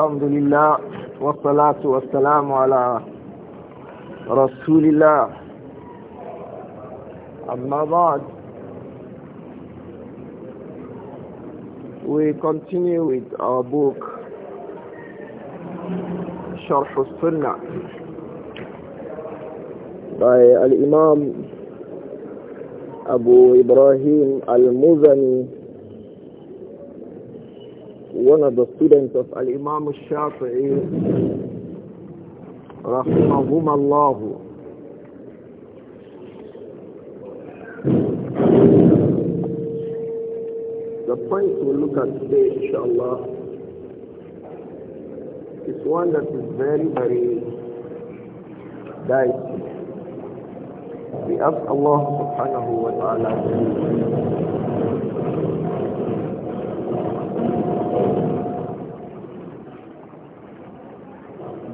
الحمد لله والصلاة والسلام على رسول الله أما بعد We continue with our book شرح السنة by الإمام أبو إبراهيم المزني one of the students of Al-Imam al-Shafi'i رحمهما الله The point we look at today, inshallah, is one that is very, very dicey. We ask Allah subhanahu wa ta'ala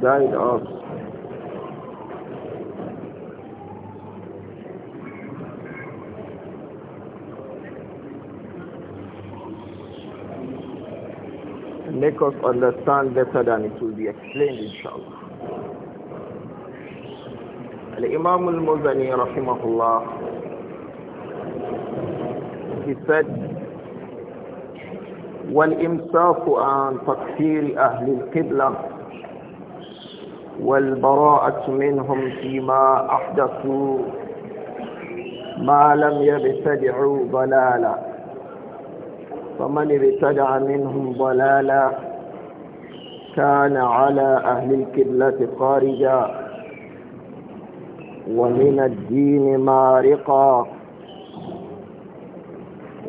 died off. And make us understand better than it will be explained inshallah. الإمام المزني رحمه الله he said والإمساك عن تكفير أهل القبلة والبراءة منهم فيما أحدثوا ما لم يبتدعوا ضلالا فمن ابتدع منهم ضلالا كان على أهل الكبلة خارجا ومن الدين مارقا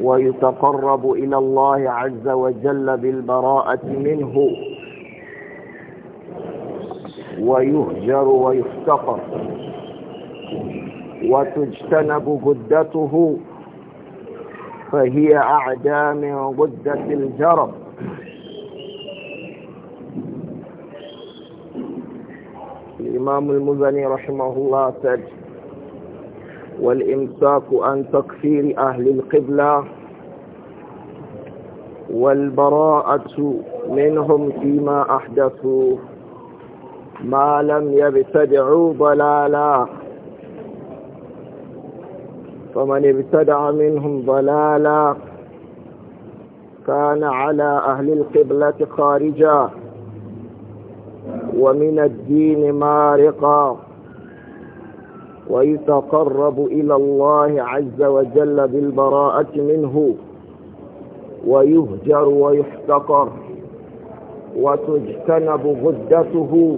ويتقرب إلى الله عز وجل بالبراءة منه ويهجر ويفتقر وتجتنب غدته فهي أعدى من غدة الجرب الإمام المزني رحمه الله تج والإمساك عن تكفير أهل القبلة والبراءة منهم فيما أحدثوا ما لم يبتدعوا ضلالا فمن ابتدع منهم ضلالا كان على أهل القبلة خارجا ومن الدين مارقا ويتقرب إلى الله عز وجل بالبراءة منه ويهجر ويحتقر وتجتنب غدته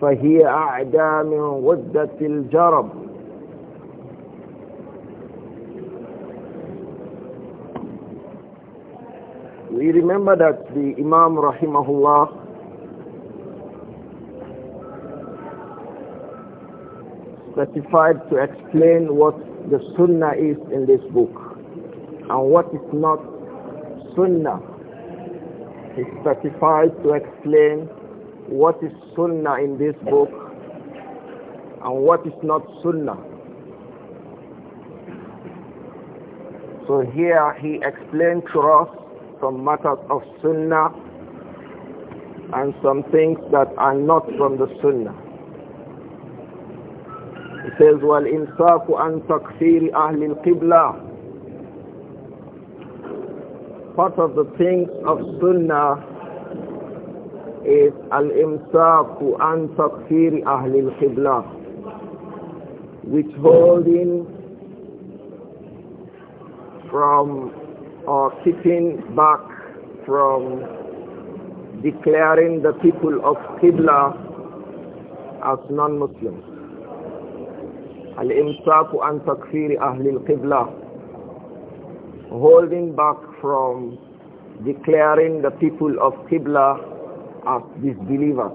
فهي أعدى من غدة الجرب We remember that the Imam Rahimahullah specified to explain what the Sunnah is in this book and what is not Sunnah. He specified to explain what is sunnah in this book and what is not sunnah. So here he explained to us some matters of sunnah and some things that are not from the sunnah. He says, وَالْإِنْصَافُ أَنْ تَكْفِيرِ أَهْلِ الْقِبْلَةِ Part of the things of sunnah is al-imsaku an takfiri ahli al-qibla withholding from or keeping back from declaring the people of Qibla as non-Muslims. Al-imsaku an takfiri ahli al-Qibla holding back from declaring the people of Qibla us, disbelievers.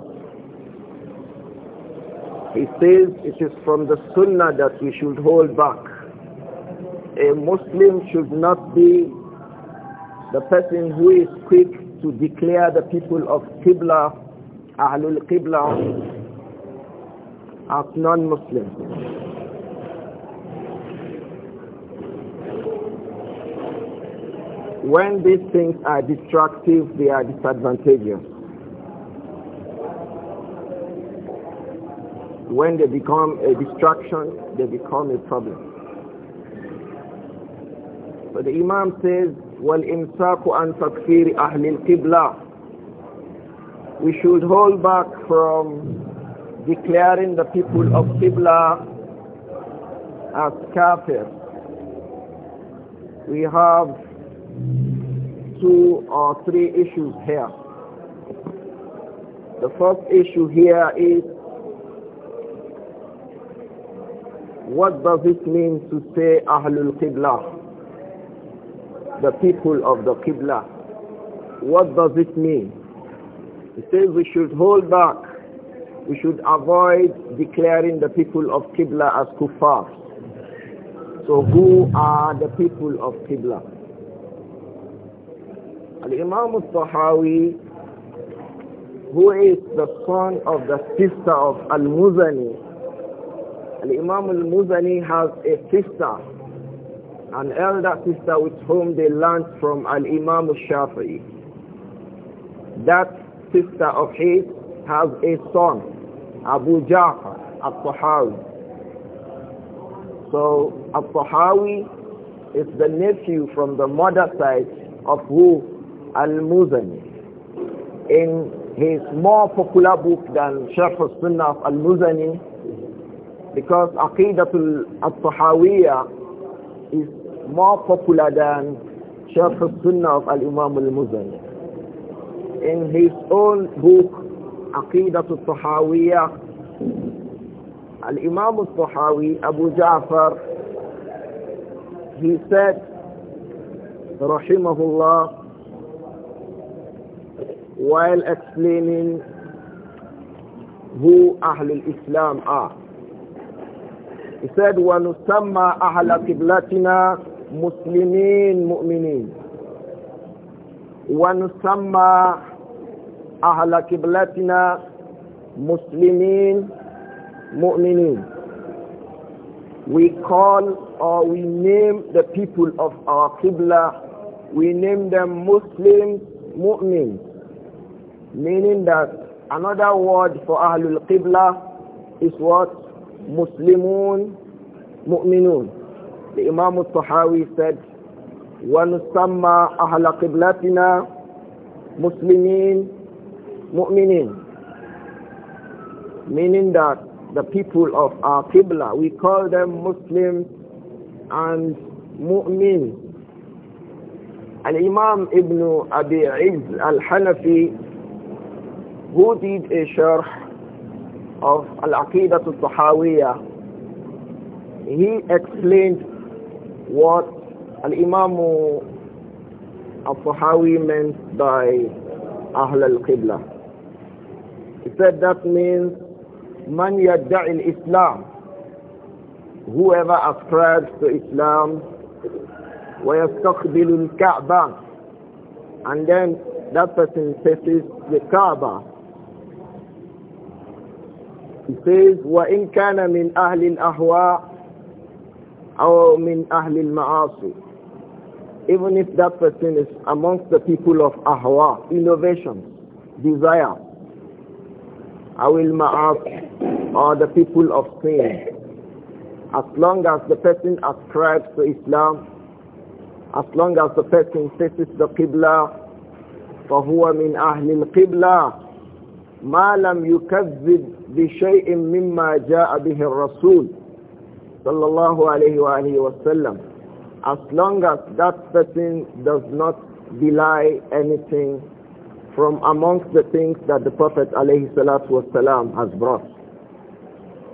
He says it is from the sunnah that we should hold back. A Muslim should not be the person who is quick to declare the people of Qibla, Ahlul Qibla, as non-Muslims. when these things are destructive, they are disadvantageous. When they become a distraction, they become a problem. But the Imam says, "Well, عَنْ تَكْفِيرِ ahlil الْقِبْلَةِ We should hold back from declaring the people of Qibla as kafir. We have two or three issues here. The first issue here is What does it mean to say Ahlul Qibla? The people of the Qibla. What does it mean? He says we should hold back. We should avoid declaring the people of Qibla as kuffar. So who are the people of Qibla? Al-Imam al-Tahawi, who is the son of the sister of Al-Muzani, Al-Imam al-Muzani has a sister, an elder sister with whom they learned from Al-Imam al-Shafi'i. That sister of his has a son, Abu Ja'far al-Tahawi. So al-Tahawi is the nephew from the mother side of who? Al-Muzani. In his more popular book than Sharh al-Sunnah of Al-Muzani, because Aqidatul al-Tahawiyya is more popular than Sharh al-Sunnah of Al-Imam al-Muzani. In his own book, Aqidatul al-Tahawiyya, Al-Imam al-Tahawi, Abu Ja'far, he said, Rahimahullah, while explaining who Ahlul Islam are. He said, وَنُسَمَّى أَهْلَ قِبْلَتِنَا مُسْلِمِينَ مُؤْمِنِينَ وَنُسَمَّى أَهْلَ قِبْلَتِنَا مُسْلِمِينَ مُؤْمِنِينَ we call or we name the people of our Qibla, we name them Muslims, Mu'min, meaning that another word for Ahlul Qibla is what? Muslimun Mu'minun. The Imam al-Tahawi said, وَنُسَمَّى أَهْلَ قِبْلَتِنَا Muslimin Mu'minin. Meaning that the people of our Qibla, we call them Muslims and Mu'min. Al-Imam Ibn Abi Izz al-Hanafi, who did a sharh of Al-Aqidah al-Tahawiyah, he explained what Al-Imam al-Tahawi meant by Ahl al-Qibla. He said that means Man yadda'i al-Islam, whoever ascribes to Islam, ويستقبل الكعبة and then that person faces the Kaaba he says, وَإِنْ كَانَ al أَهْلِ الْأَهْوَاءِ أَوْ مِنْ al الْمَعَاصِي Even if that person is amongst the people of ahwa, innovations, desire, awil ma'as, or the people of sin, as long as the person ascribes to Islam, as long as the person faces the Qibla, فَهُوَ مِنْ أَهْلِ الْقِبْلَةِ ما لم يكذب بشيء مما جاء به الرسول صلى الله عليه وآله وسلم as long as that person does not belie anything from amongst the things that the Prophet alayhi salatu wasalam has brought.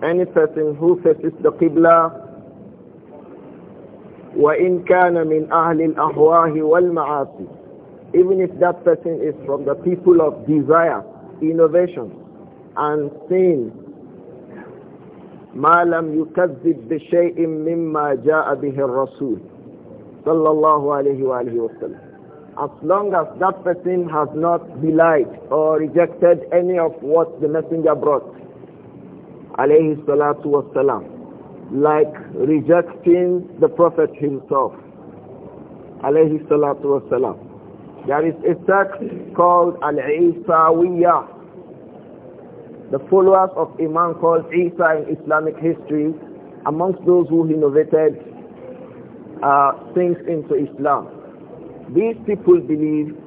Any person who faces the Qibla وإن كان من أهل الأهواه والمعاصي even if that person is from the people of desire Innovation, and sin. ما لم يكذب بشيء مما جاء به الرسول صلى الله عليه وآله وسلم as long as that person has not belied or rejected any of what the messenger brought alayhi salatu wasalam like rejecting the prophet himself alayhi salatu wasalam there is a sect called Al-Isawiyya. The followers of Imam called Isa in Islamic history, amongst those who innovated uh, things into Islam. These people believe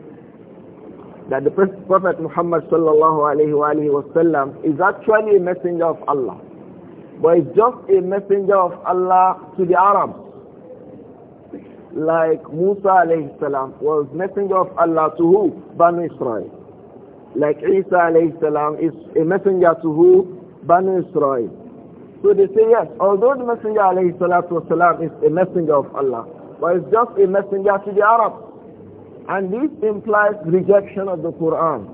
that the Prophet Muhammad sallallahu alayhi wa is actually a messenger of Allah. But is just a messenger of Allah to the Arabs like Musa alayhi salam was messenger of Allah to who? Banu Israel. Like Isa alayhi salam is a messenger to who? Banu Israel. So they say yes, although the messenger alayhi salatu wasalam is a messenger of Allah, but it's just a messenger to the Arabs. And this implies rejection of the Quran.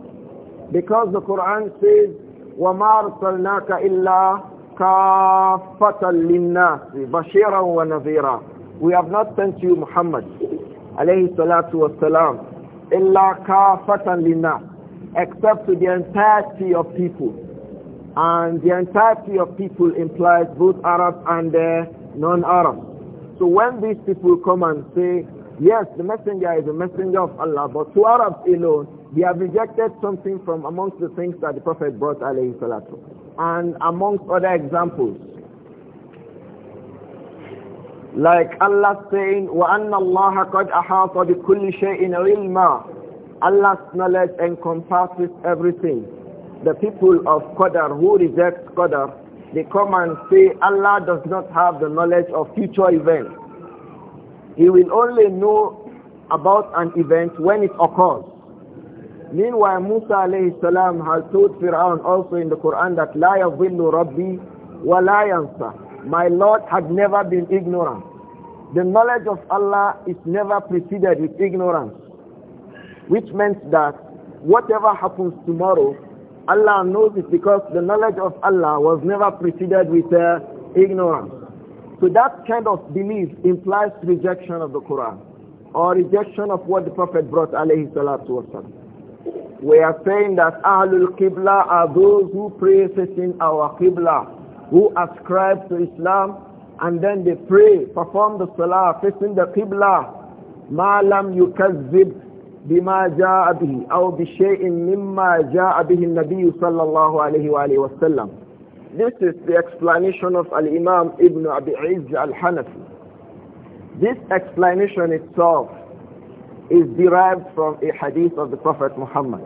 Because the Quran says, وَمَا أَرْسَلْنَاكَ إِلَّا كَافَّةً لِلنَّاسِ بَشِيرًا وَنَذِيرًا we have not sent you Muhammad alayhi salatu wasalam illa kafatan linnas except to the entirety of people. And the entirety of people implies both Arabs and uh, non-Arabs. So when these people come and say, yes, the messenger is a messenger of Allah, but to Arabs alone, they have rejected something from amongst the things that the Prophet brought, alayhi salatu. And amongst other examples, like Allah saying, وَأَنَّ اللَّهَ قَدْ أَحَاطَ بِكُلِّ شَيْءٍ عِلْمًا Allah's knowledge encompasses everything. The people of Qadar who reject Qadar, they come and say Allah does not have the knowledge of future events. He will only know about an event when it occurs. Meanwhile, Musa alayhi salam has told Fir'aun also in the Quran that لا يظل ربي ولا ينسى my Lord had never been ignorant. The knowledge of Allah is never preceded with ignorance, which means that whatever happens tomorrow, Allah knows it because the knowledge of Allah was never preceded with uh, ignorance. So that kind of belief implies rejection of the Quran or rejection of what the Prophet brought alayhi salatu wasalam. We are saying that Ahlul Qibla are those who pray facing our Qibla who ascribe to Islam and then they pray, perform the salah facing the Qibla. Ma lam yukazzib bima jaa bihi aw bi shay'in mimma jaa bihi an-nabiy sallallahu alayhi wa alihi wasallam. This is the explanation of al-Imam Ibn Abi Izz al-Hanafi. This explanation itself is derived from a hadith of the Prophet Muhammad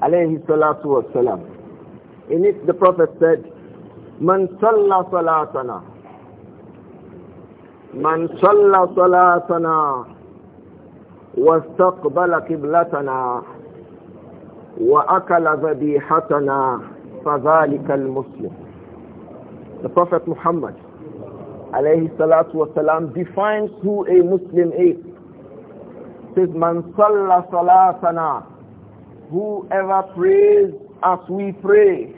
alayhi salatu wasalam. In it the Prophet said, من صلى صلاتنا من صلى صلاتنا واستقبل قبلتنا وأكل ذبيحتنا فذلك المسلم The Prophet Muhammad alayhi salatu wasalam defines who a Muslim is. Says, Man salla salatana, whoever prays as we pray.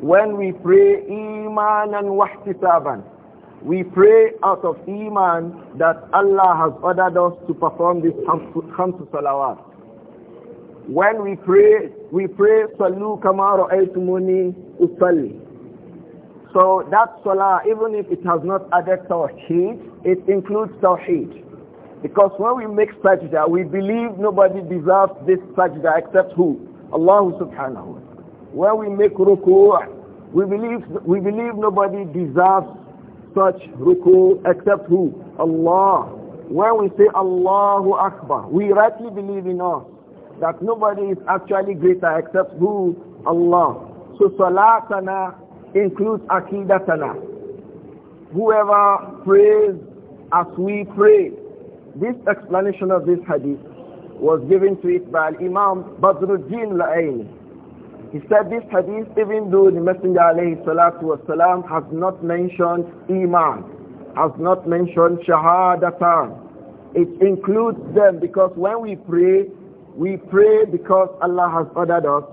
when we pray iman and wahtisaban we pray out of iman that Allah has ordered us to perform this khamsu salawat when we pray we pray sallu kama ra'aytumuni usalli so that salah even if it has not added tawheed it includes tawheed because when we make sajda we believe nobody deserves this sajda except who Allah subhanahu when we make ruku, we believe, we believe nobody deserves such ruku except who? Allah. When we say Allahu Akbar, we rightly believe in us that nobody is actually greater except who? Allah. So salatana includes akidatana. Whoever prays as we pray. This explanation of this hadith was given to it by Imam Badruddin La'ayni he said this hadith, even though the Messenger alayhi salatu wasalam has not mentioned Iman, has not mentioned Shahadatan, it includes them because when we pray, we pray because Allah has ordered us,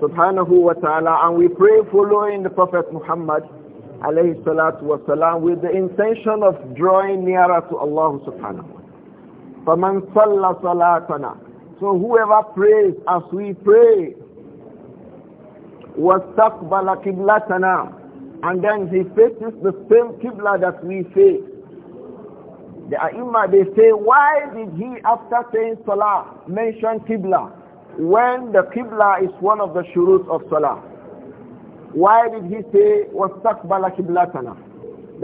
subhanahu wa ta'ala, and we pray following the Prophet Muhammad alayhi salatu wasalam with the intention of drawing nearer to Allah subhanahu wa ta'ala. So whoever prays as we pray, وَاسْتَقْبَلَ قِبْلَتَنَا And then he faces the same Qibla that we face. The Aima, they say, why did he, after saying Salah, mention Qibla? When the Qibla is one of the shurut of Salah. Why did he say, وَاسْتَقْبَلَ قِبْلَتَنَا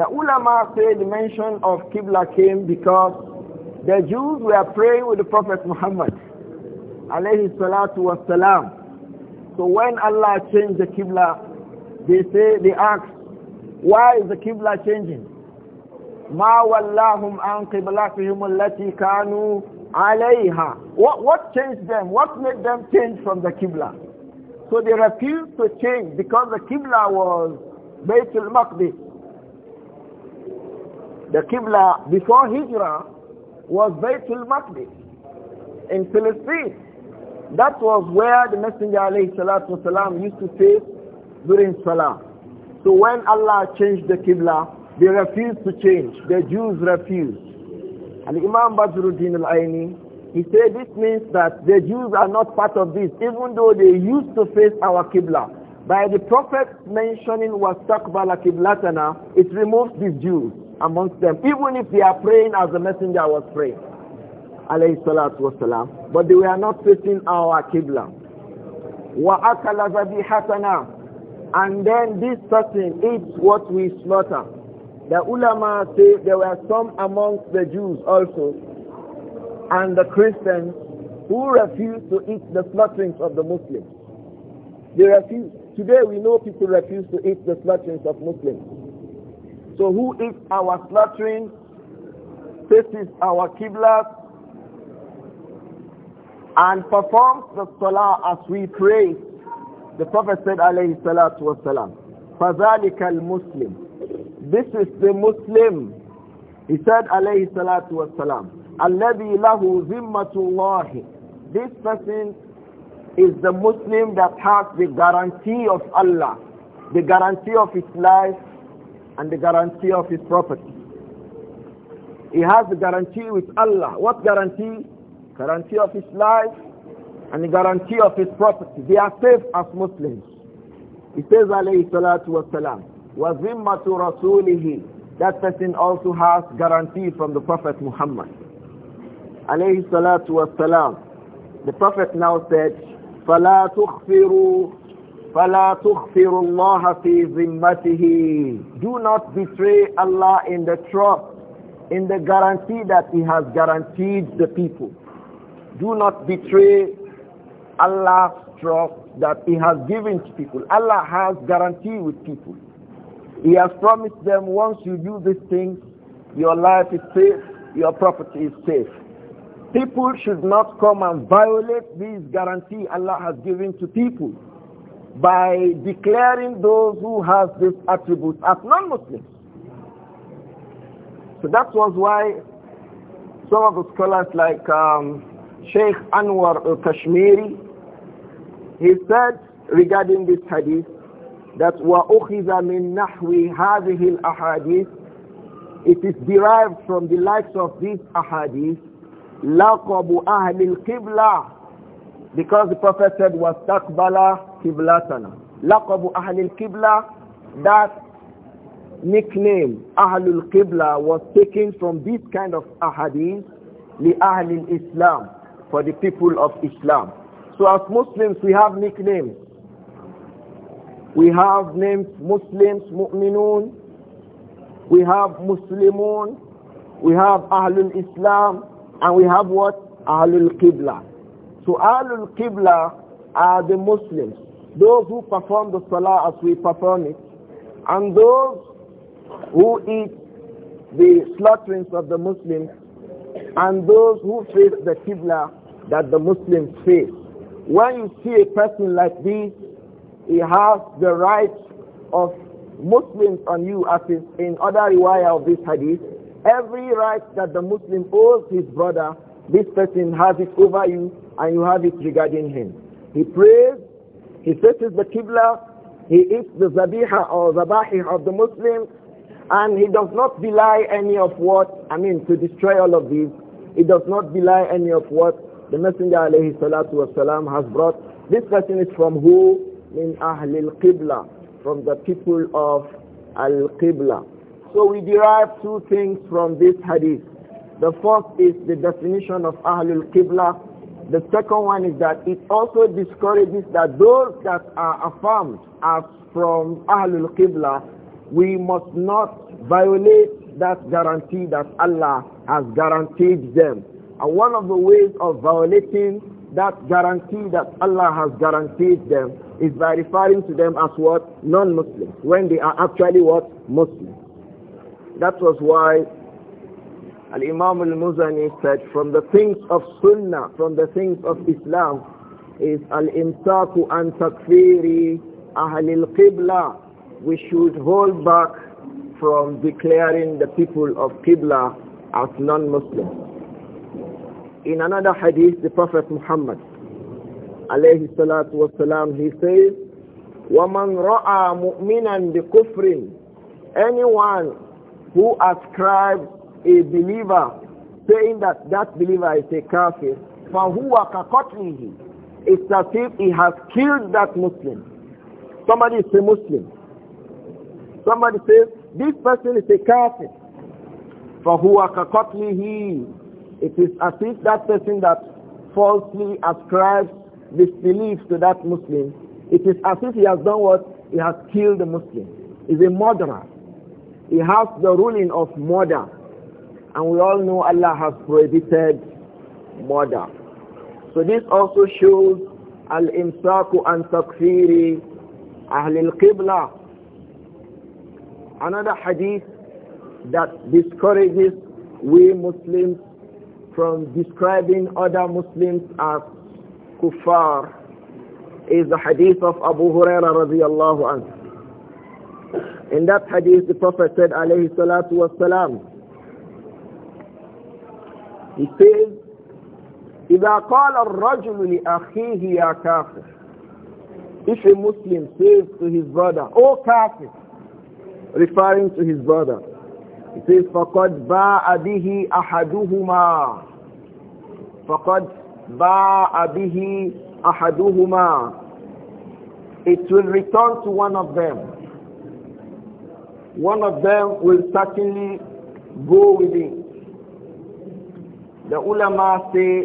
The ulama say the mention of Qibla came because the Jews were praying with the Prophet Muhammad alayhi salatu was salam so when Allah changed the Qibla, they say, they ask, why is the Qibla changing? ما ولاهم عن قبلتهم التي كانوا عليها what, what changed them? What made them change from the Qibla? So they refused to change because the Qibla was Baytul al-Maqdis. The Qibla before Hijrah was Baytul al-Maqdis in Palestine. That was where the Messenger والسلام, used to face during Salah. So when Allah changed the Qibla, they refused to change. The Jews refused. And Imam Badruddin al-Aini, he said this means that the Jews are not part of this, even though they used to face our Qibla. By the Prophet mentioning وَاسْتَقْبَلَ قِبْلَتَنَا, it removes these Jews amongst them, even if they are praying as the Messenger was praying alayhi salatu wasalam, but they were not facing our Qibla. وَأَكَلَ ذَبِيحَتَنَا And then this person eats what we slaughter. The ulama say there were some amongst the Jews also and the Christians who refused to eat the slaughterings of the Muslims. They refused. Today we know people refuse to eat the slaughterings of Muslims. So who eats our slaughtering, faces our Qibla, and performs the salah as we pray. The Prophet said, alayhi salatu wasalam, فَذَلِكَ الْمُسْلِمِ This is the Muslim. He said, alayhi salatu wasalam, الَّذِي لَهُ ذِمَّةُ اللَّهِ This person is the Muslim that has the guarantee of Allah, the guarantee of his life, and the guarantee of his property. He has the guarantee with Allah. What guarantee? guarantee of his life and the guarantee of his property. They are safe as Muslims. He says, alayhi salatu wasalam, wa zimmatu That person also has guarantee from the Prophet Muhammad. Alayhi salatu wasalam. The Prophet now said, فَلَا تُخْفِرُوا فَلَا تُخْفِرُوا اللَّهَ فِي ذِمَّتِهِ Do not betray Allah in the trust, in the guarantee that He has guaranteed the people do not betray Allah's trust that He has given to people. Allah has guarantee with people. He has promised them once you do these things, your life is safe, your property is safe. People should not come and violate this guarantee Allah has given to people by declaring those who have these attributes as non-Muslims. So that was why some of the scholars like um, Sheikh Anwar al-Kashmiri, he said regarding this hadith that وَأُخِذَ مِن نَحْوِ هَذِهِ الْأَحَادِيثِ It is derived from the likes of these ahadith لَقَبُ أَهْلِ الْقِبْلَةِ Because the Prophet said وَاسْتَقْبَلَ قِبْلَتَنَا لَقَبُ أَهْلِ الْقِبْلَةِ That nickname Ahlul kibla was taken from this kind of ahadith li Ahlul Islam for the people of Islam. So as Muslims, we have nicknames. We have names Muslims, Mu'minun. We have Muslimun. We have Ahlul Islam. And we have what? Ahlul Qibla. So Ahlul Qibla are the Muslims. Those who perform the Salah as we perform it. And those who eat the slaughterings of the Muslims. And those who face the Qibla that the Muslims face. When you see a person like this, he has the right of Muslims on you as is in other riwayah of this hadith. Every right that the Muslim owes his brother, this person has it over you and you have it regarding him. He prays, he faces the Qibla, he eats the zabiha or zabahi of the Muslims, and he does not belie any of what, I mean, to destroy all of these, he does not belie any of what the Messenger alayhi salatu wasalam has brought, this person is from who? Min Ahlil Qibla, from the people of Al-Qibla. So we derive two things from this hadith. The first is the definition of Ahlul Qibla. The second one is that it also discourages that those that are affirmed as from Ahlul Qibla, we must not violate that guarantee that Allah has guaranteed them. And one of the ways of violating that guarantee that Allah has guaranteed them is by referring to them as what? Non-Muslims, when they are actually what? Muslims. That was why Al-Imam al-Muzani said, from the things of Sunnah, from the things of Islam, is al imtaku an takfiri ahli al-qibla. We should hold back from declaring the people of Qibla as non-Muslims in another hadith, the Prophet Muhammad, alayhi salatu wasalam, he says, وَمَنْ رَأَى مُؤْمِنًا بِكُفْرٍ Anyone who ascribes a believer saying that that believer is a kafir, فَهُوَ كَقَتْلِهِ It's as if he has killed that Muslim. Somebody is a Muslim. Somebody says, this person is a kafir. فَهُوَ كَقَتْلِهِ it is as if that person that falsely ascribes disbelief to that Muslim, it is as if he has done what? He has killed a Muslim. He's a murderer. He has the ruling of murder. And we all know Allah has prohibited murder. So this also shows al-imsaku an takfiri ahl al-qibla. Another hadith that discourages we Muslims from describing other Muslims as kuffar is the hadith of Abu Huraira radiallahu anhu. In that hadith, the Prophet said, alayhi salatu wasalam, he says, إذا قال الرجل لأخيه يا كافر If a Muslim says to his brother, O oh, kafir, referring to his brother, it says, فَقَدْ بَاءَ بِهِ أَحَدُهُمَا فَقَدْ بَاءَ بِهِ أَحَدُهُمَا It will return to one of them. One of them will certainly go with it. The ulama say,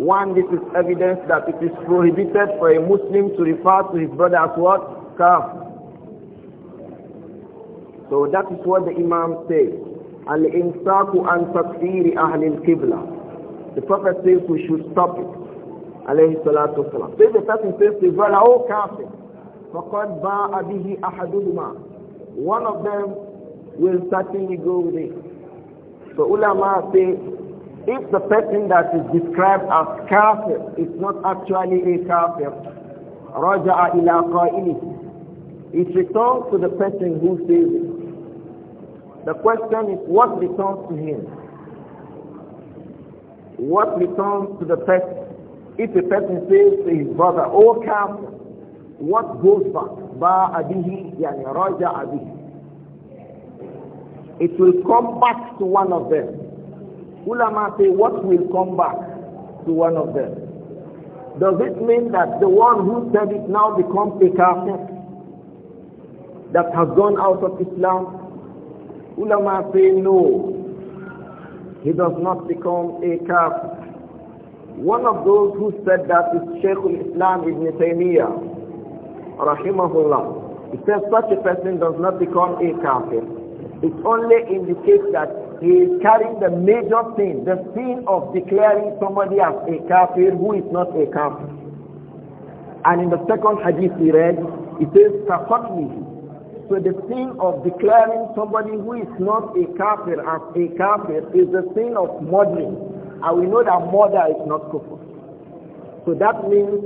one, this is evidence that it is prohibited for a Muslim to refer to his brother as what? Kafir. So that is what the Imam says. Al-imsaku an takfiri ahli al-qibla. The Prophet says we should stop it. Alayhi salatu wasalam. Say the person says to brother, oh kafir. فَقَدْ بَاءَ بِهِ أَحَدُهُمَا One of them will certainly go with it. So ulama say, if the person that is described as kafir is not actually a kafir, Rajaa إِلَىٰ قَائِلِهِ It returns to the person who says it. The question is what returns to him? What returns to the person? If a person says to his brother, Oh calf, what goes back? Ba abihi, yani raja abihi. It will come back to one of them. Ulama say what will come back to one of them. Does it mean that the one who said it now becomes a kafir that has gone out of Islam Ulama say no. He does not become a kafir. One of those who said that is Shaykh al-Islam Ibn Taymiyyah, rahimahullah. He says such a person does not become a kafir. It only indicates that he is carrying the major sin, the sin of declaring somebody as a kafir who is not a kafir. And in the second hadith we read, it says, كَفَقْنِهِ so the sin of declaring somebody who is not a kafir as a kafir is the sin of murdering. And we know that murder is not kufr. So that means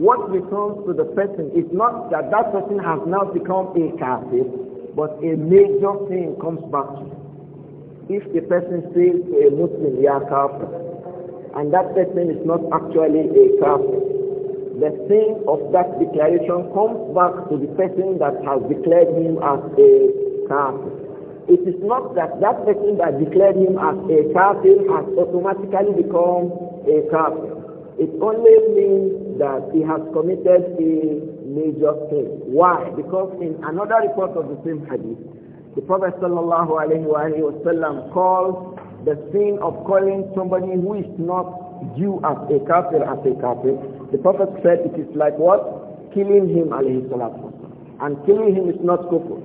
what returns to the person is not that that person has now become a kafir, but a major sin comes back to If the person says to a Muslim, ya kafir, and that person is not actually a kafir, the sin of that declaration comes back to the person that has declared him as a kafir. It is not that that person that declared him as a kafir has automatically become a kafir. It only means that he has committed a major sin. Why? Because in another report of the same hadith, the Prophet sallallahu alaihi wasallam calls the sin of calling somebody who is not Jew as a kafir as a kafir the Prophet said it is like what? Killing him alayhi salatu And killing him is not kufr.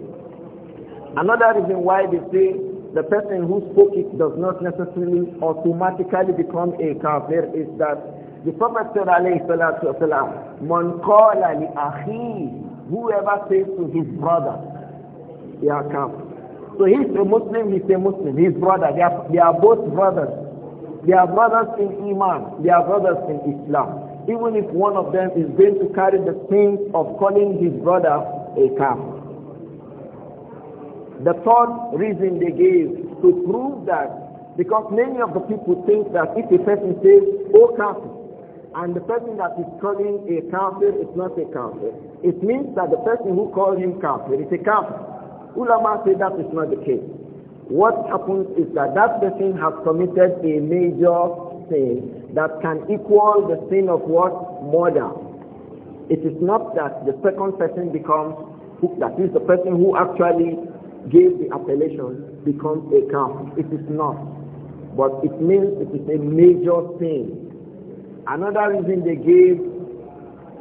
Another reason why they say the person who spoke it does not necessarily automatically become a kafir is that the Prophet said alayhi salatu wasalam, Man qala li akhi, whoever says to his brother, ya kafir. So he's a Muslim, he's a Muslim. His brother, they are, they are both brothers. They are brothers in Iman. They are brothers in Islam even if one of them is going to carry the sin of calling his brother a calf. The third reason they gave to prove that, because many of the people think that if a person says, oh calf, and the person that is calling a calf is not a calf, it means that the person who called him calf is a calf. Ulama say that is not the case. What happens is that that person has committed a major sin that can equal the sin of what? Murder. It is not that the second person becomes, that is the person who actually gave the appellation becomes a kafir. It is not. But it means it is a major sin. Another reason they gave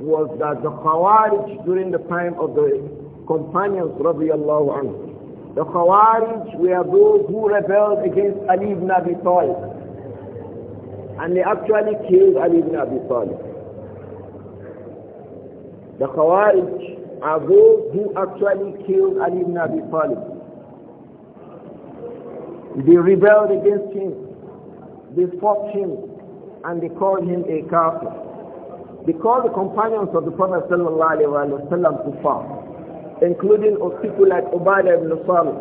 was that the Khawarij during the time of the companions, radiallahu anhu, the Khawarij were those who rebelled against Ali ibn Abi Talib and they actually killed Ali ibn Abi Talib. The Khawarij are those who actually killed Ali ibn Abi Talib. They rebelled against him. They fought him and they called him a kafir. They called the companions of the Prophet sallallahu alaihi wasallam kuffar, including people like Ubadah ibn Salih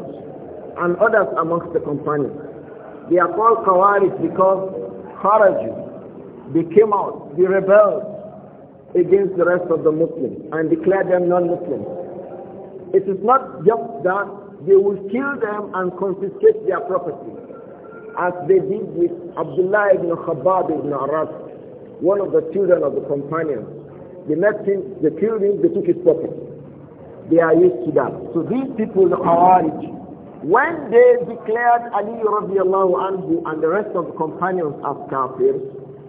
and others amongst the companions. They are called Khawarij because Kharaju. They came out, they rebelled against the rest of the Muslims and declared them non-Muslims. It is not just that they will kill them and confiscate their property, as they did with Abdullah ibn Khabbab ibn Arad, one of the children of the companions. They met him, they killed him, they took his property. They are used to that. So these people, the Khawarij, when they declared Ali radiallahu anhu and the rest of the companions as kafir,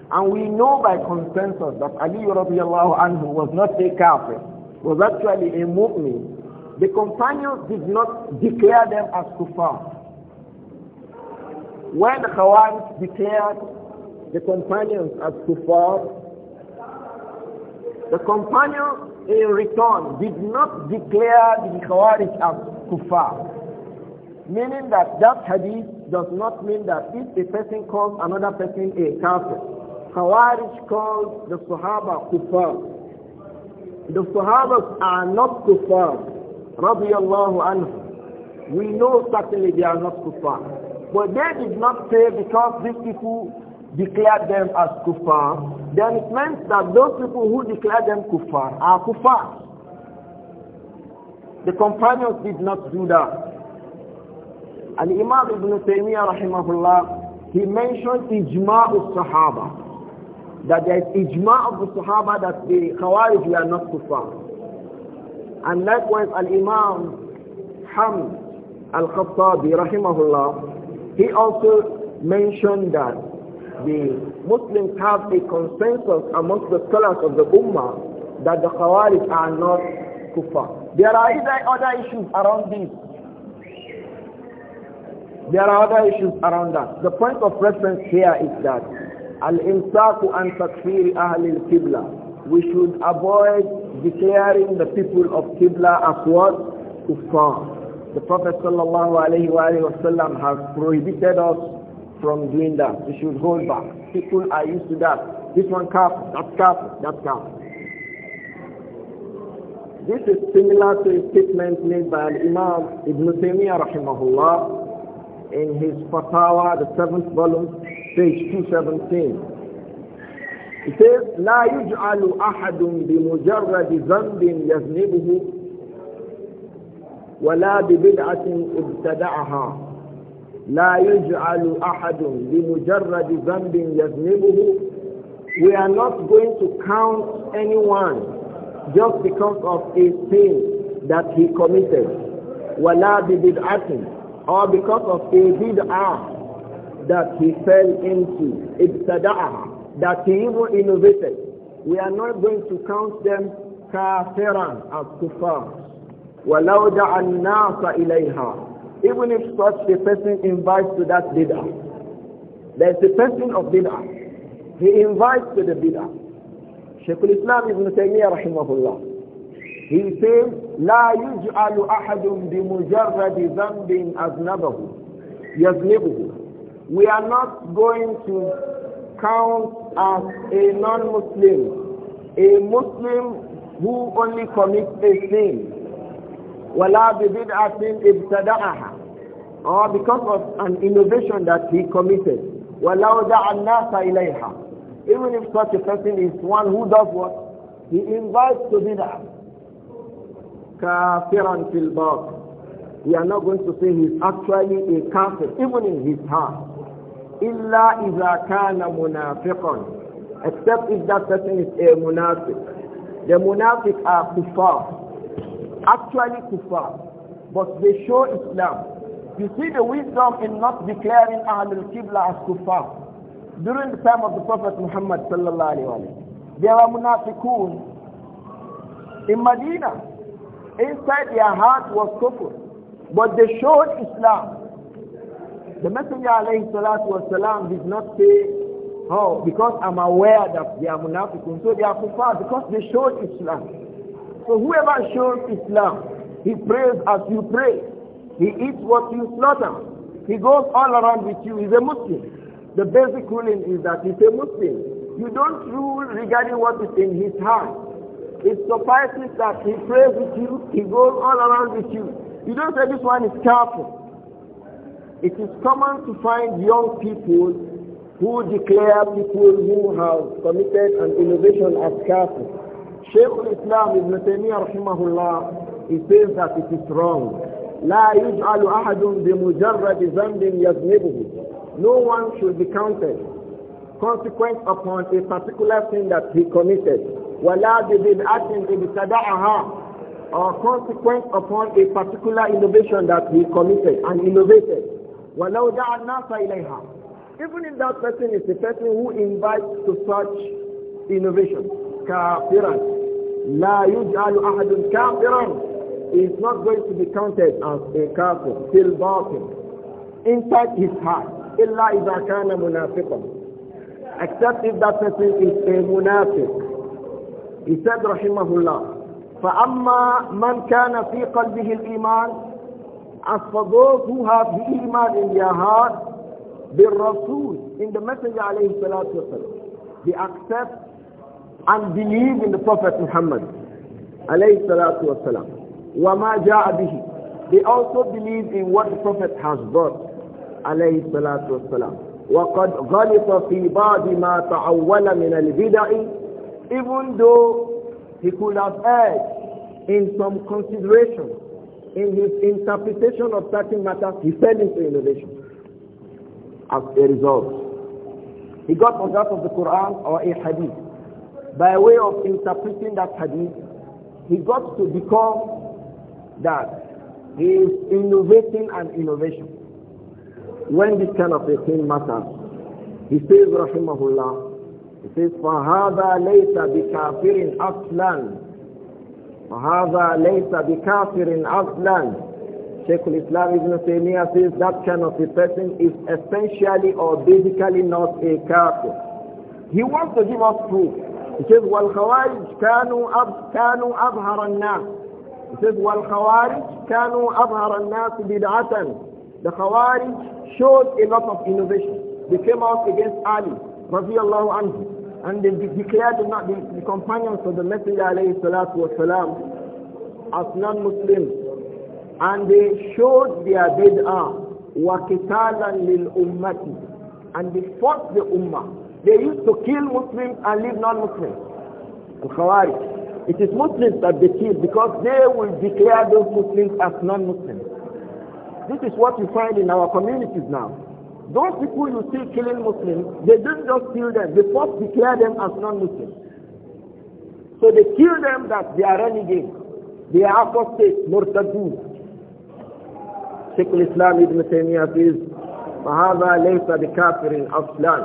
and we know by consensus that Ali radiallahu anhu was not a kafir, was actually a mu'min, the companions did not declare them as kuffar. When Khawarij declared the companions as kuffar, the companions in return did not declare the Khawarij as kuffar. Meaning that that hadith does not mean that if a person calls another person a kafir. Khawarij calls the Sahaba kuffar. The Sahabas are not kuffar. Radiallahu anhu. We know certainly they are not kuffar. But they did not say because these people declared them as kuffar, then it means that those people who declared them kuffar are kuffar. The companions did not do that. And Imam Ibn Taymiyyah rahimahullah, he mentioned ijma' al-sahaba. That there is ijma' of the sahaba that the khawarij were not kuffar. And likewise al-Imam Ham al-Khattabi rahimahullah, he also mentioned that the Muslims have a consensus amongst the scholars of the Ummah that the Khawarij are not kuffar. There are other issues around this there are other issues around that. The point of reference here is that al-imsaku an takfir ahli al-qibla. We should avoid declaring the people of Qibla as what? Kuffar. The Prophet sallallahu alayhi has prohibited us from doing that. We should hold back. People are used to that. This one calf, that calf, that calf. This is similar to a statement made by Imam Ibn Taymiyyah rahimahullah in his Fatawa, the seventh volume, page 217. It says, لا يجعل أحد بمجرد ذنب يذنبه ولا ببدعة ابتدعها لا يجعل أحد بمجرد ذنب يذنبه We are not going to count anyone just because of a sin that he committed. ولا ببدعة or because of a bid'ah that he fell into, ibtada'ah, that he even innovated. We are not going to count them kafiran as kuffar. وَلَوْ دَعَ النَّاسَ إِلَيْهَا Even if such a person invites to that bid'ah. There is a person of bid'ah. He invites to the bid'ah. Shaykh al-Islam Ibn Taymiyyah rahimahullah he says, لا يجعل أحد بمجرد ذنب أذنبه يذنبه. We are not going to count as a non-Muslim, a Muslim who only commits a sin. وَلَا بِبِدْعَةٍ ابْتَدَعَهَا Or because of an innovation that he committed. وَلَوْ دَعَ النَّاسَ إِلَيْهَا Even if such a person is one who does what? He invites to bid'ah kafiran fil batin. We are not going to say he's actually a kafir, even in his heart. Illa iza kana munafiqan. Except if that person is a munafiq. The munafiq are kuffar. Actually kuffar. But they show Islam. You see the wisdom in not declaring Ahlul Qibla as kuffar. During the time of the Prophet Muhammad sallallahu alayhi wa sallam, there were munafiqun in Medina. Inside their heart was kufr. But they showed Islam. The Messenger والسلام, did not say, oh, because I'm aware that they are munafiqun. So they are kuffar because they showed Islam. So whoever shows Islam, he prays as you pray. He eats what you slaughter. He goes all around with you. He's a Muslim. The basic ruling is that he's a Muslim. You don't rule regarding what is in his heart. It suffices that he prays with you, he goes all around with you. You don't say this one is careful. It is common to find young people who declare people who have committed an innovation as careful. Shaykh al-Islam Ibn Taymiyyah rahimahullah, he says that it is wrong. لا يجعل أحد بمجرد ذنب يذنبه no one should be counted consequent upon a particular thing that he committed. وَلَا بِبِدْعَةٍ إِبْتَدَعَهَا or consequence upon a particular innovation that he committed and innovated. وَلَوْ دَعَ النَّاسَ إِلَيْهَا Even if that person is the person who invites to such innovation, كَافِرًا لَا يُجْعَلُ أَحَدٌ كَافِرًا is not going to be counted as a kafir, till batin, inside his heart, إِلَّا إِذَا كَانَ مُنَافِقًا Except if that person is a munafiq, يساد رحمه الله فأما من كان في قلبه الإيمان في إيمان يهاد بالرسول in the messenger عليه الصلاة والسلام they accept and believe in the prophet Muhammad عليه الصلاة والسلام وما جاء به they also believe in what the prophet has brought عليه الصلاة والسلام وقد غلط في بعض ما تعول من البدع even though he could have erred in some consideration, in his interpretation of certain matters, he fell into innovation. As a result, he got on that of the Quran or a hadith. By way of interpreting that hadith, he got to become that he is innovating an innovation. When this kind of a thing matters, he says, Rahimahullah, It says, فَهَذَا لَيْسَ بِكَافِرٍ أَصْلًا فَهَذَا لَيْسَ بِكَافِرٍ أَصْلًا Sheikh al-Islam Ibn Taymiyyah says that kind of a person is essentially or basically not a kafir. He wants to give us proof. He says, وَالْخَوَارِجْ كَانُوا, أب... كانوا أظهر الناس He says, وَالْخَوَارِجْ كَانُوا أظهر الناس بِدْعَةً The Khawarij showed a lot of innovation. They came out against Ali, رضي الله عنه and they declared them not the, the companions of the Messenger alayhi as non-Muslims. And they showed their bid'ah, وَكِتَالًا لِلْأُمَّةِ And they fought the ummah. They used to kill Muslims and leave non-Muslims. Al-Khawarij. It is Muslims that they kill because they will declare those Muslims as non-Muslims. This is what you find in our communities now. Those people you see killing Muslims, they didn't just kill them, they first declare them as non-Muslims. So they kill them that they are renegades. They are apostates, murtadun. Sheikh al-Islam Ibn Taymiyyah says, the لَيْسَ بِكَافِرٍ أَصْلًا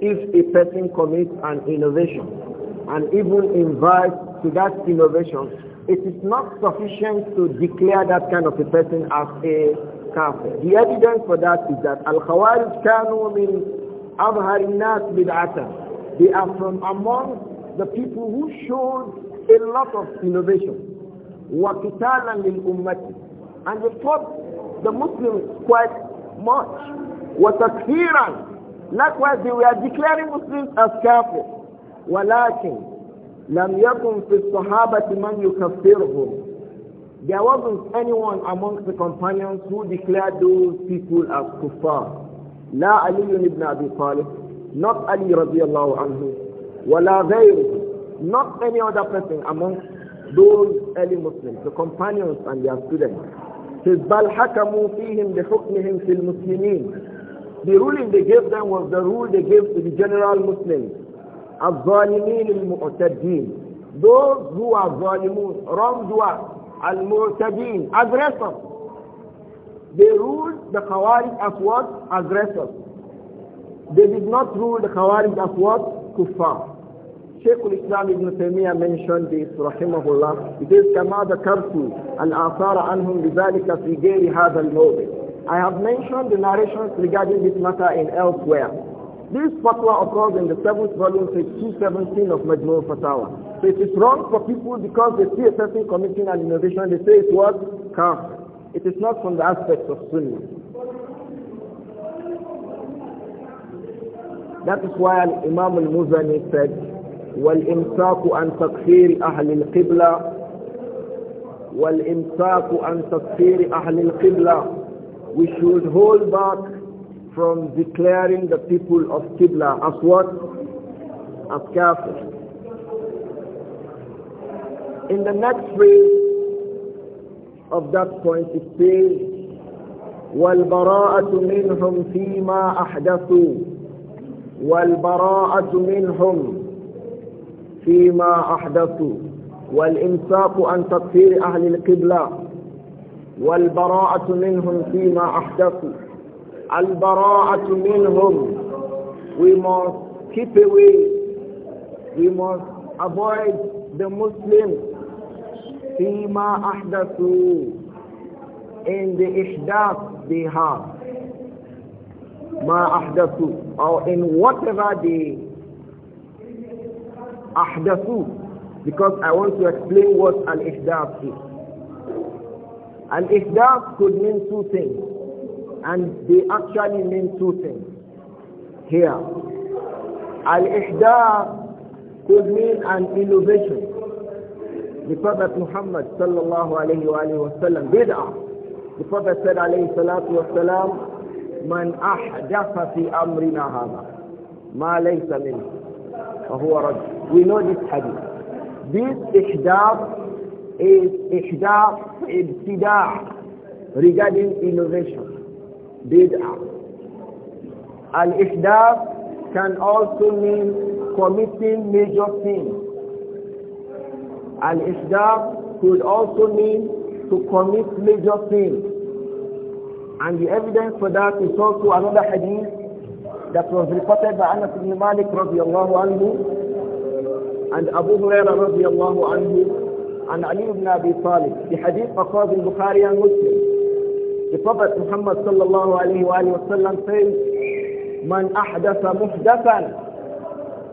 If a person commits an innovation and even invites to that innovation, it is not sufficient to declare that kind of a person as a kafir. The evidence for that is that Al-Khawarij kanu min abharin nas bid'atan. They are from among the people who showed a lot of innovation. وَقِتَالًا ummati. And they fought the Muslims quite much. وَتَكْفِيرًا Likewise, they were declaring Muslims as kafir. وَلَكِنْ لَمْ يَكُنْ فِي الصَّحَابَةِ مَنْ يُكَفِّرْهُمْ there wasn't anyone amongst the companions who declared those people as kuffar. لا علي بن أبي طالب, not Ali رضي الله عنه, ولا غيره, not any other person amongst those early Muslims, the companions and their students. Says, بل حكموا فيهم بحكمهم في المسلمين. The ruling they gave them was the rule they gave to the general Muslims. الظالمين المعتدين. Those who are ظالمون, wrongdoers, Al-Mu'tadin, aggressors. They ruled the Khawarij as what? Aggressors. They did not rule the Khawarij as what? Kuffar. Shaykh ul islam ibn Taymiyyah mentioned this, rahimahullah. It is كما ذكرت الآثار عنهم بذلك في غير هذا الموضع. I have mentioned the narrations regarding this matter in elsewhere. This fatwa occurs in the 7th volume, page 217 of Majmur Fatawa. So it is wrong for people because they see a person committing an innovation, they say it was kaf. It is not from the aspect of sunnah. That is why Imam al-Muzani said, وَالْإِمْسَاكُ عَنْ تَكْفِيرِ أَهْلِ الْقِبْلَةِ والإمساك عن تكفير أهل القبلة we should hold back from declaring the people of Qibla as what? As kafir. In the next phrase of that point it says, والبراءة منهم فيما أحدثوا والبراءة منهم فيما أحدثوا والإمساك أن تكفير أهل القبلة والبراءة منهم فيما أحدثوا Al-bara'atu minhum. We must keep away. We must avoid the Muslims. Fima ahdathu. In the ihdath they have. Ma ahdathu. Or in whatever they ahdathu. Because I want to explain what an ihdath is. And ihdath could mean two things and they actually mean two things here. Al-Ihda could mean an innovation. The Prophet Muhammad sallallahu alayhi wa alayhi wa sallam bid'ah. The Prophet said alayhi salatu wa salam, sallam, من أحدث في أمرنا ma ما min." منه فهو رجل. We know this hadith. This ihdath is ihdath ibtidah regarding innovation bid'ah. Al-ihdaf can also mean committing major sins. Al-ihdaf could also mean to commit major sins. And the evidence for that is also another hadith that was reported by Anas ibn Malik radiallahu anhu and Abu Hurairah radiallahu anhu and Ali ibn Abi Talib. The hadith occurs in Bukhari and Muslim. The Prophet Muhammad sallallahu alayhi wa sallam says, Man ahdasa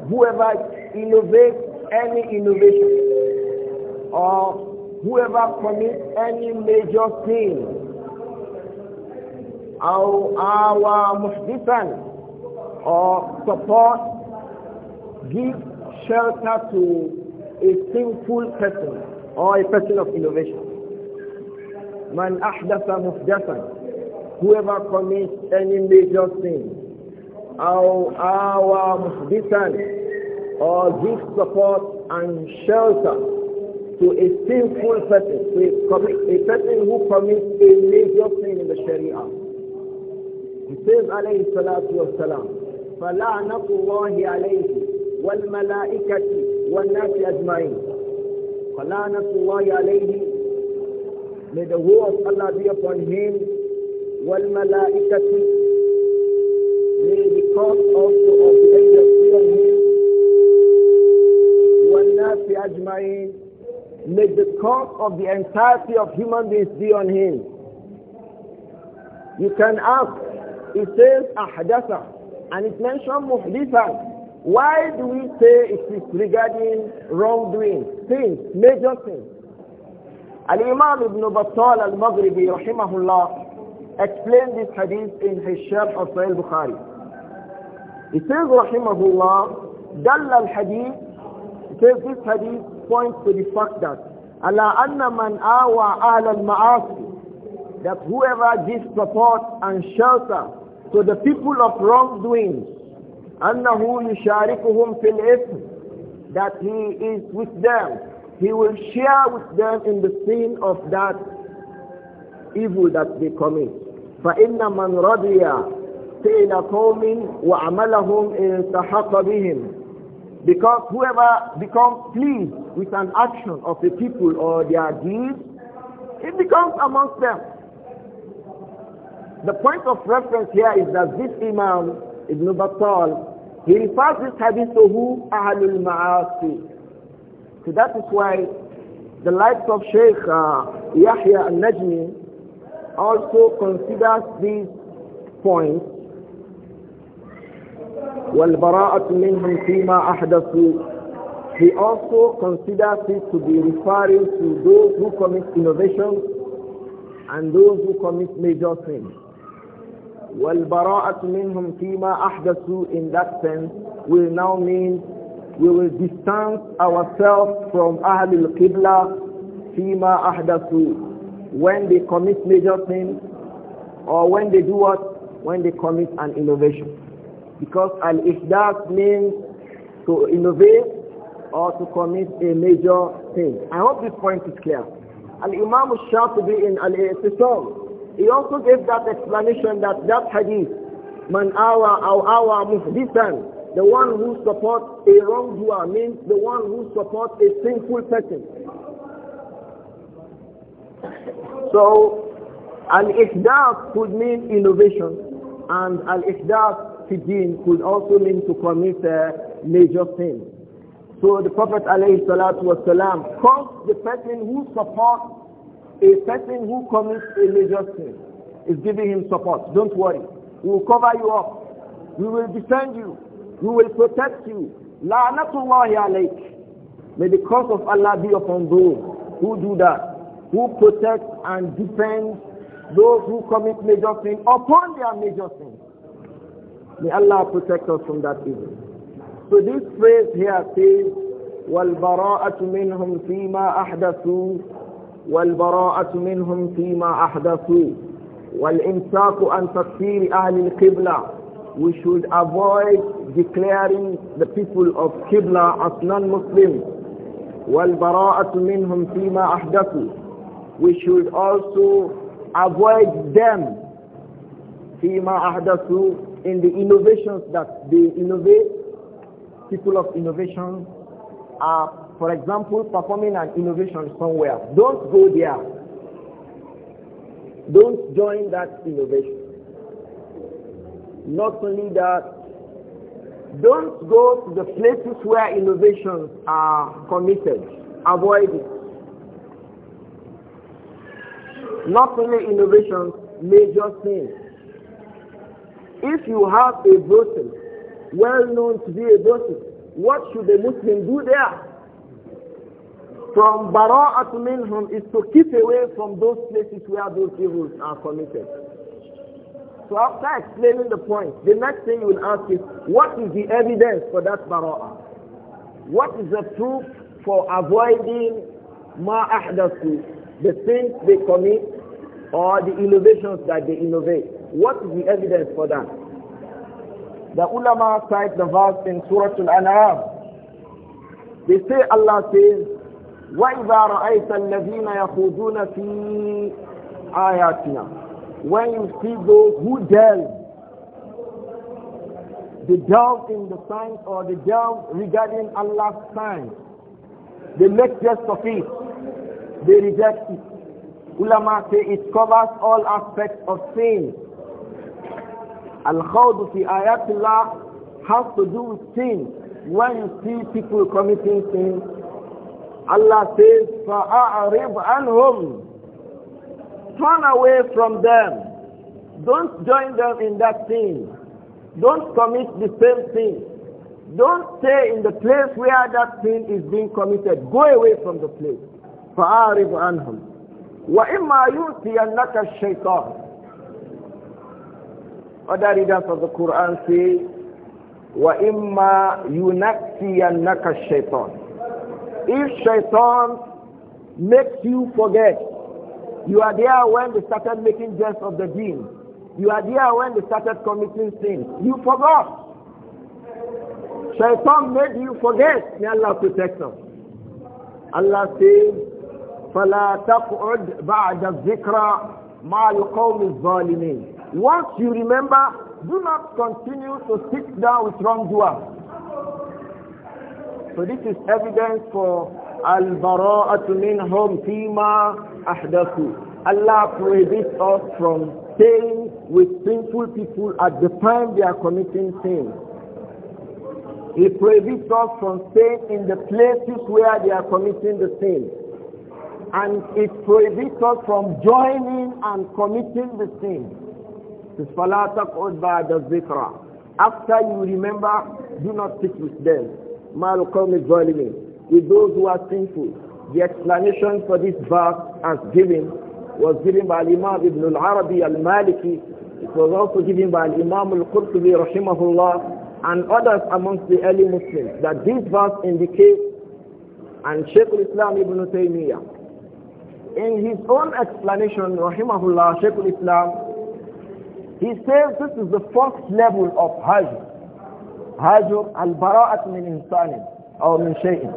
whoever innovates any innovation, or whoever commits any major sin, أو آوى محدثا or support, give shelter to a sinful person or a person of innovation. Man ahdasa muhdasan. Whoever commits any major sin. Aw awa muhdisan. Or gives support and shelter to a sinful person. To a, person who commits a major sin in the Sharia. He says alayhi salatu wasalam. فلعنة الله عليه والملائكة والناس أجمعين فلعنة الله عليه May the woe of Allah be upon him. وَالْمَلَائِكَةِ May the cause also of the angels be on him. the أَجْمَعِينَ May the cause of the entirety of human beings be on him. You can ask, it says أَحْدَثَ and it mentions مُحْدِثًا why do we say it is regarding wrongdoing, sins, major sins? Al-Imam Ibn Battal Al-Maghribi rahimahullah explained this hadith in his Sharh of Sahih Bukhari. He says rahimahullah, دل hadith, he says this hadith points to the fact that Allah anna man awa al al-ma'asi that whoever gives support and shelter to the people of wrongdoings, annahu yusharikuhum fil ism that he is with them he will share with them in the sin of that evil that they commit. فَإِنَّ مَنْ رَضِيَ فِعْلَ قَوْمٍ وَعَمَلَهُمْ إِلْتَحَقَ بِهِمْ Because whoever becomes pleased with an action of the people or their deeds, it becomes amongst them. The point of reference here is that this Imam, Ibn Battal, he refers this hadith to who? Ahlul Ma'asi. So that is why the likes of Sheikh uh, Yahya al-Najmi also considers these points He also considers it to be referring to those who commit innovations and those who commit major sins. وَالْبَرَاءَةُ مِنْهُمْ فِيمَا أَحْدَثُوا In that sense will now mean we will distance ourselves from Ahlul Qibla Fima Ahdathu when they commit major sins or when they do what? When they commit an innovation. Because Al-Ihdath means to innovate or to commit a major sin. I hope this point is clear. Al-Imam al be in Al-Ihtisam, he also gave that explanation that that hadith, man awa aw awa muhdisan, the one who supports a wrongdoer means the one who supports a sinful person. So, al-ihdaf could mean innovation, and al-ihdaf fidin could also mean to commit a major sin. So the Prophet alayhi salatu calls the person who supports a person who commits a major sin is giving him support. Don't worry. We will cover you up. We will defend you. Who will protect you. La'natullahi alayk. May the curse of Allah be upon those who do that, who protect and defend those who commit major sin upon their major sin. May Allah protect us from that evil. So this phrase here says, وَالْبَرَاءَةُ مِنْهُمْ فِي مَا أَحْدَثُوا والبراءة منهم فيما أحدثوا والإمساك عن تكفير أهل القبلة we should avoid declaring the people of Qibla as non-Muslims. وَالْبَرَاءَةُ مِنْهُمْ فِيمَا أَحْدَثُوا We should also avoid them فِيمَا أَحْدَثُوا in the innovations that they innovate. People of innovation are, for example, performing an innovation somewhere. Don't go there. Don't join that innovation. Not only that, don't go to the places where innovations are committed. Avoid it. Not only innovations, major things. If you have a brothel, well known to be a brothel, what should a Muslim do there? From bara'at minhum is to keep away from those places where those evils are committed. So after explaining the point, the next thing you will ask is, what is the evidence for that bara'ah? What is the proof for avoiding ma the sins they commit or the innovations that they innovate? What is the evidence for that? The ulama cite the verse in Surah Al-An'am. They say Allah says, وَإِذَا رَأَيْتَ الَّذِينَ يَخُوضُونَ فِي آيَاتِنَا when you see those who delve they delve in the signs or they delve regarding Allah's signs. They make jest of it. They reject it. Ulama say it covers all aspects of sin. Al-Khawd fi ayatullah has to do with sin. When you see people committing sin, Allah says, فَأَعْرِضْ عَنْهُمْ Turn away from them. Don't join them in that sin. Don't commit the same sin. Don't stay in the place where that sin is being committed. Go away from the place. فَأَعْرِضْ عَنْهُمْ وَإِمَّا يُؤْتِيَنَّكَ الشَّيْطَانِ Other readers of the Quran say, وَإِمَّا يُنَكْتِيَنَّكَ الشَّيْطَانِ If shaitan makes you forget you are there when they started making jest of the deen. You are there when they started committing sins. You forgot. Shaitan made you forget. May Allah protect us. Allah says, فَلَا تَقْعُدْ بَعْدَ الذِّكْرَى مَعَ الْقَوْمِ الظَّالِمِينَ Once you remember, do not continue to sit down with wrongdoers. So this is evidence for al-bara'atu minhum fima Allah prohibits us from staying with sinful people at the time they are committing sin. He prohibits us from staying in the places where they are committing the sin. And it prohibits us from joining and committing the sin. After you remember, do not sit with them. Malukom is violent. With those who are sinful. The explanation for this verse as given was given by Imam Ibn al-Arabi al-Maliki. It was also given by Imam al-Qurtubi rahimahullah and others amongst the early Muslims that this verse indicates and Shaykh al-Islam Ibn Taymiyyah. In his own explanation, rahimahullah, Shaykh al-Islam, he says this is the first level of Hajj. Hajj al-bara'at min insanin or min shay'in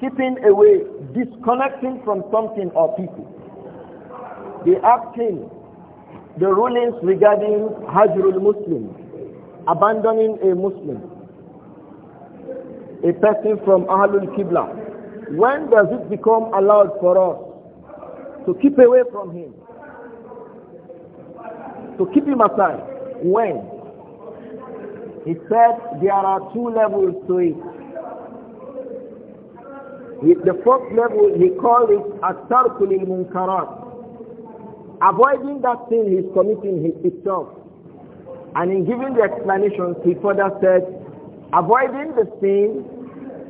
keeping away, disconnecting from something or people. The acting, the rulings regarding Hajrul Muslim, abandoning a Muslim, a person from Ahlul Qibla. When does it become allowed for us to keep away from him? To keep him aside? When? He said there are two levels to it. The fourth level, he called it At-Tarkul Munkarat. Avoiding that sin, he's committing himself. And in giving the explanations, he further said, avoiding the sin,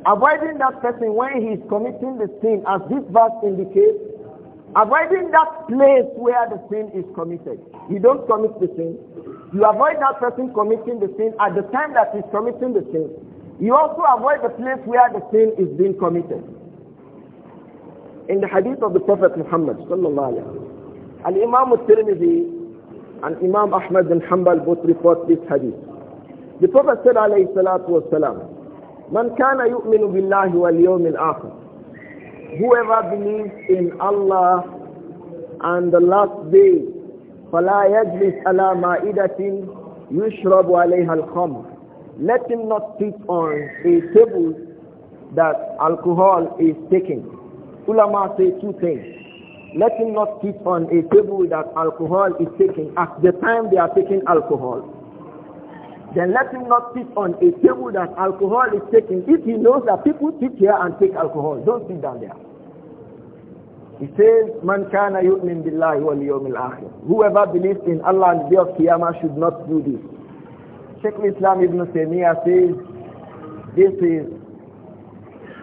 avoiding that person when he is committing the sin, as this verse indicates, avoiding that place where the sin is committed. You don't commit the sin. You avoid that person committing the sin at the time that he's committing the sin. You also avoid the place where the sin is being committed. In the hadith of the Prophet Muhammad sallallahu alaihi wasallam, Imam al-Tirmidhi and Imam Ahmad bin Hanbal both report this hadith. The Prophet said alayhi salatu wasalam, Man kana yu'minu billahi wal yawmil akhir. Whoever believes in Allah and the last day, فَلَا يَجْلِسْ عَلَى مَائِدَةٍ يُشْرَبُ عَلَيْهَا الْخَمْرُ let him not sit on a table that alcohol is taking. Ulama say two things. Let him not sit on a table that alcohol is taking at the time they are taking alcohol. Then let him not sit on a table that alcohol is taking if he knows that people sit here and take alcohol. Don't sit down there. He says, Man kana yu'min billahi wal yawmil akhir. Whoever believes in Allah and the day of Qiyamah should not do this. Sheikh Islam Ibn Taymiyyah says this is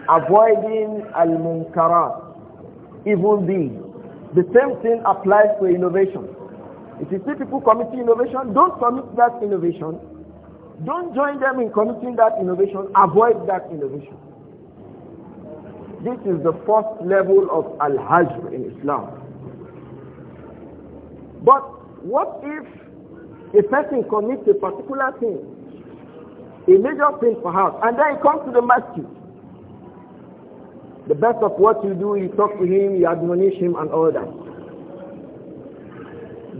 avoiding al munkara evil deeds. The same thing applies to innovation. If you see people committing innovation, don't commit that innovation. Don't join them in committing that innovation. Avoid that innovation. This is the first level of al-hajr in Islam. But what if a person commits a particular sin, a major sin perhaps, and then he comes to the masjid. The best of what you do, you talk to him, you admonish him and all that.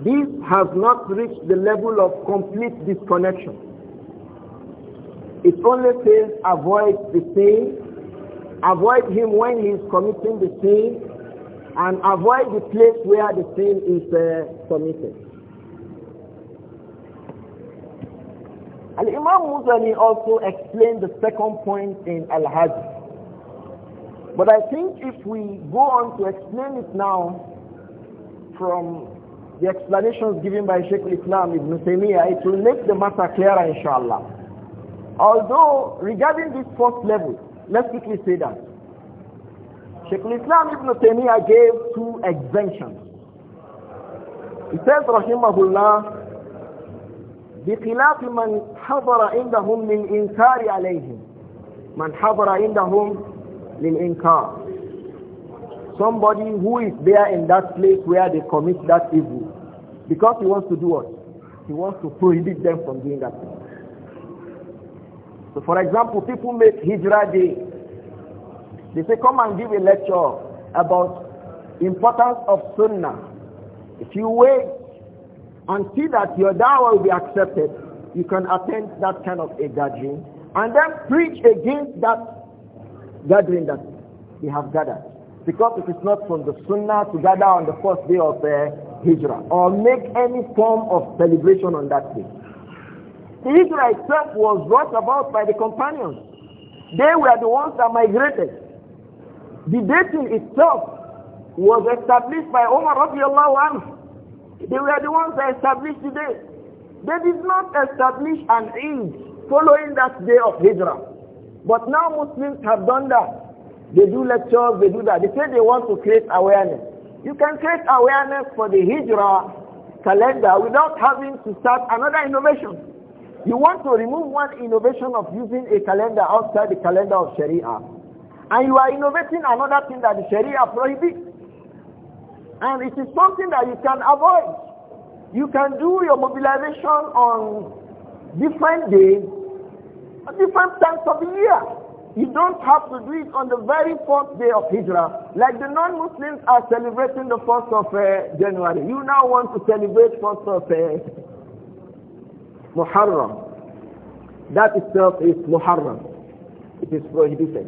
This has not reached the level of complete disconnection. It only says avoid the sin, avoid him when he is committing the sin, and avoid the place where the sin is uh, committed. And imam Muzani also explained the second point in Al-Hajj. But I think if we go on to explain it now from the explanations given by Sheikh Islam Ibn Taymiyyah, it will make the matter clearer inshallah. Although regarding this first level, let's quickly say that. Sheikh Islam Ibn Taymiyyah gave two exemptions. He says, Rahimahullah, بخلاف من حضر عندهم للإنكار عليهم من حضر عندهم للإنكار somebody who is there in that place where they commit that evil because he wants to do what he wants to prohibit them from doing that thing. so for example people make Hijra day they say come and give a lecture about importance of sunnah if you wait and see that your da'wah will be accepted, you can attend that kind of a gathering and then preach against that gathering that we have gathered. Because it is not from the sunnah to gather on the first day of uh, Hijrah or make any form of celebration on that day. The Hijrah itself was brought about by the companions. They were the ones that migrated. The dating itself was established by Umar radiallahu anhu. They were the ones that established the day. They did not establish an Eid following that day of Hijrah. But now Muslims have done that. They do lectures, they do that. They say they want to create awareness. You can create awareness for the Hijrah calendar without having to start another innovation. You want to remove one innovation of using a calendar outside the calendar of Sharia. And you are innovating another thing that the Sharia prohibits. And it is something that you can avoid. You can do your mobilization on different days, at different times of the year. You don't have to do it on the very first day of Hijrah. Like the non-Muslims are celebrating the 1st of uh, January. You now want to celebrate 1st of uh, Muharram. That itself is Muharram. It is prohibited.